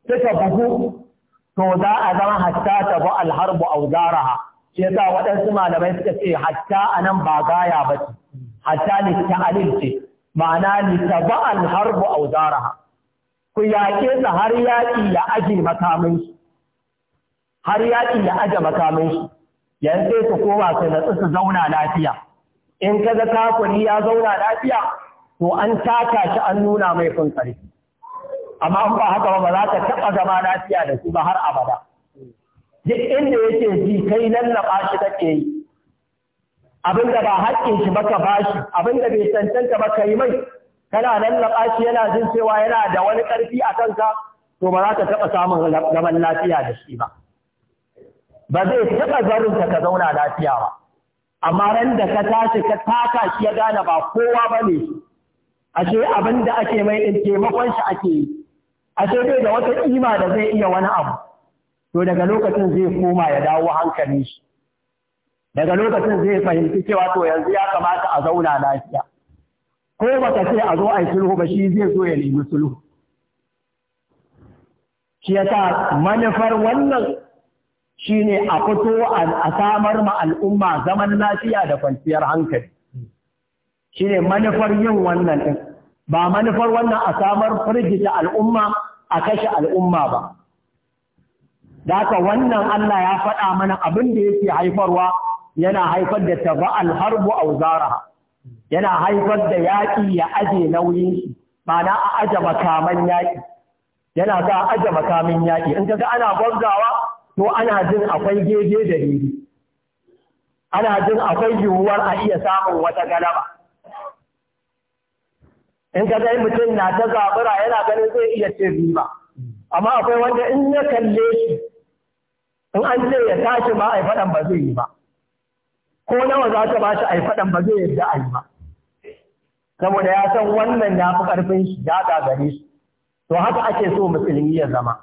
suka bugu to za a zama hatta ta bu alharbu auzaraha shi yasa waɗansu malamai suka ce hatta anan ba gaya ba ce hatta ta ce ma'ana bu alharbu auzaraha ku yaƙe su har yaƙi ya aje makamin har yaƙi ya aje makamin shi yanzu sai su koma su natsu su zauna lafiya in ka ga kafiri ya zauna lafiya to an taka shi an nuna mai kun ƙarfi amma ba haka ba za ka taɓa zama lafiya da su ba har abada duk inda yake ji kai lallaɓa shi kake yi abin da ba haƙƙin shi ba ka bashi abin da bai cancanta ba ka yi mai kana lallaɓa shi yana jin cewa yana da wani ƙarfi a kanka to ba za ka taɓa samun zaman lafiya da shi ba ba zai taɓa barinka ka zauna lafiya ba amma ran da ka tashi ka taka shi ya gane ba kowa ba ne ashe abin da ake mai in taimakon shi ake yi ashe bai da wata kima da zai iya wani abu to daga lokacin zai koma ya dawo hankali shi daga lokacin zai fahimci cewa to yanzu ya kamata a zauna lafiya ko baka ce a zo a yi sulhu ba shi zai zo ya nemi sulhu shi yasa manufar wannan Shi ne a fito a samar ma al'umma zaman lafiya da kwanciyar hankali Shi ne manufar yin wannan ɗin, ba manufar wannan a samar firgita al'umma a kashe al'umma ba da wannan Allah ya faɗa mana abin da yake haifarwa yana haifar da taba'al harbu wuzara, yana haifar da yaƙi ya aje nauyin shi na a aje makaman yaƙi yana sa aje makamin yaƙi in kaga ana gwamzawa to ana jin akwai gege da riri ana jin akwai yiwuwar a iya samun wata galaba in ka ga mutum na ta zabura yana ganin zai iya cin riba amma akwai wanda in ya kalle shi in an ce ya tashi ma a faɗan ba zai yi ba ko nawa za ta ba shi a faɗan ba zai yadda a yi ba saboda ya san wannan ya fi ƙarfin shi ya gagare shi to haka ake so musulmi ya zama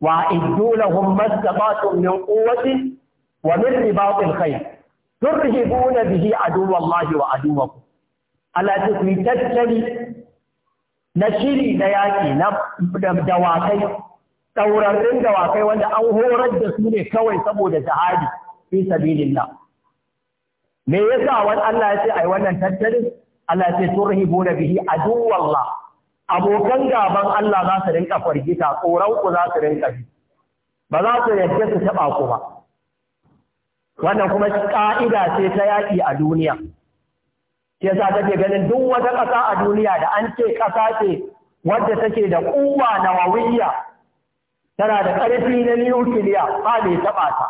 وأعدوا لهم ما استطعتم من قوة ومن رباط الخيل ترهبون به عدو الله وعدوكم ألا تكوي تتلي نشري na دواكي taurarin dawakai wanda an horar da su ne kawai saboda jihadi fi sabilillah me yasa wani Allah ya ce yi wannan tattalin Allah ya ce turhibuna bihi aduwwallah abokan gaban Allah za su rinka fargita tsoron ku za su rinka bi ba za su yarda su taɓa ku ba wannan kuma ƙa'ida ce ta yaƙi a duniya ke sa take ganin duk wata ƙasa a duniya da an ce ƙasa ce wadda take da ƙuwa na wawiyya tana da ƙarfi na nukiliya ba mai taɓa ta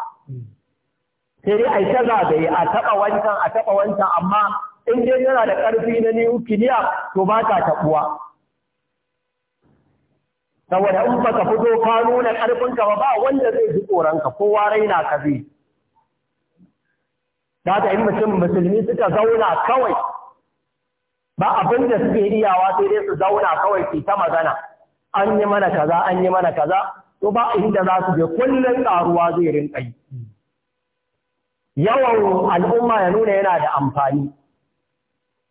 sai dai a yi ta zagaye a taɓa wancan a taɓa wancan amma in dai tana da ƙarfi na nukiliya to ba ta taɓuwa saboda in baka fito ka nuna ƙarfinka ba ba wanda zai ji tsoronka kowa raina ka zai da ta yi mutum musulmi suka zauna kawai ba abin da suke iyawa sai dai su zauna kawai su ta magana an yi mana kaza an yi mana kaza to ba inda za su je kullum ƙaruwa zai rinka yi yawan al'umma ya nuna yana da amfani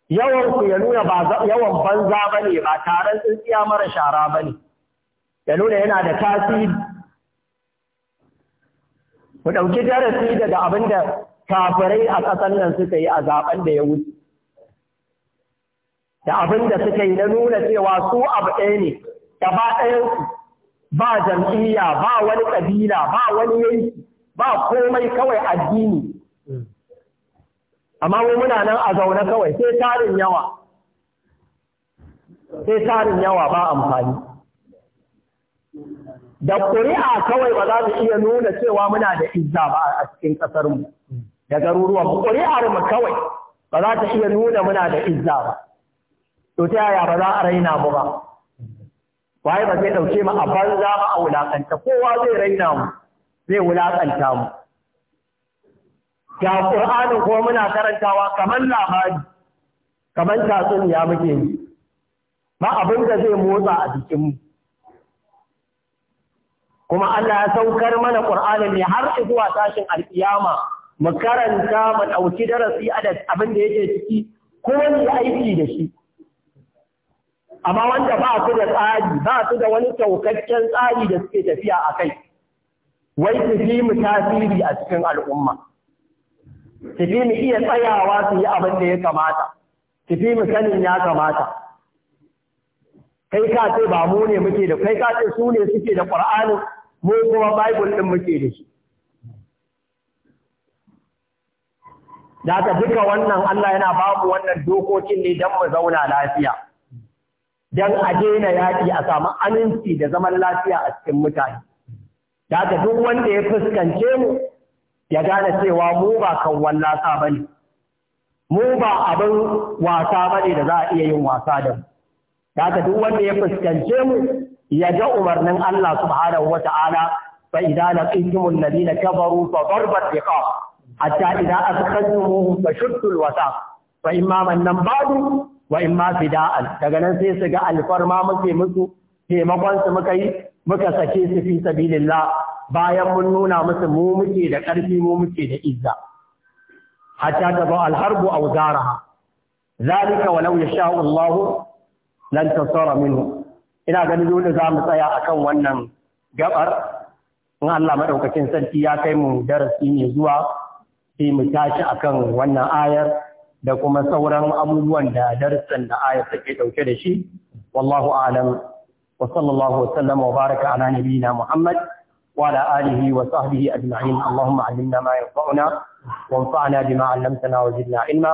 yawan ku ya nuna ba yawan banza bane ba taron tsintsiya mara shara bane ya nuna yana da tasiri mu ɗauki darasi daga abin da kafirai a ƙasar nan suka yi a zaben da ya wuce da abin da suka yi na nuna cewa su abu ɗaya ne gaba ɗayansu ba jam'iyya ba wani ƙabila ba wani yanki ba komai kawai addini amma mu muna nan a zaune kawai sai tarin yawa sai tarin yawa ba amfani da ƙuri'a kawai ba za mu iya nuna cewa muna da izza ba a cikin ƙasarmu da garuruwan ƙuri'ar mu kawai ba za ta iya nuna muna da izza ba to ta yaya ba za a raina mu ba waye ba zai ɗauke mu a banza ba a wulaƙanta kowa zai raina mu zai wulaƙanta mu ga qurani kuma muna karantawa kamar labari kamar tatsuniya muke yi ba abin da zai motsa a jikinmu kuma Allah ya saukar mana Qur'anin ne har zuwa tashin alkiyama mu karanta mu ɗauki darasi a abin da yake ciki ko yi aiki da shi amma wanda ba su da tsari ba su da wani saukakken tsari da suke tafiya a kai wai su fi mu tasiri a cikin al'umma su fi mu iya tsayawa su yi abin da ya kamata su fi mu sanin ya kamata kai ka ce ba mu ne muke da kai ka ce su ne suke da ƙur'anin mu kuma Bible ɗin muke da shi. Da ka duka wannan Allah yana ba mu wannan dokokin ne don mu zauna lafiya, don a daina yaƙi a samu aminci da zaman lafiya a cikin mutane. Da ka duk wanda ya fuskance mu ya gane cewa mu ba kan wallasa ba ne, mu ba abin wasa ba ne da za a iya yin wasa da mu. Da ka duk wanda ya fuskance mu ya ga umarnin Allah subhanahu wa ta'ala fa idza laqitumul ladina kafaru fa darbat riqab hatta idza asqatumuhum fa shuddu alwasaq fa imma mannan ba'du wa fi fida'an daga nan sai su ga alfarma muke musu taimakon su muka yi muka sake su fi sabilillah bayan mun nuna musu mu muke da ƙarfi mu muke da izza hatta tabo alharbu aw zaraha zalika walau yasha Allah lan minhu ina ganin dole za mu tsaya a kan wannan gabar in Allah madaukakin sarki ya kai mu darasi ne zuwa sai mu tashi a kan wannan ayar da kuma sauran abubuwan da darussan da ayar take ɗauke da shi wallahu a'lam wa sallallahu wa sallam wa baraka ala nabiyyina muhammad wa ala alihi wa sahbihi ajma'in allahumma allimna ma yanfa'una wanfa'na bima 'allamtana wa zidna ilma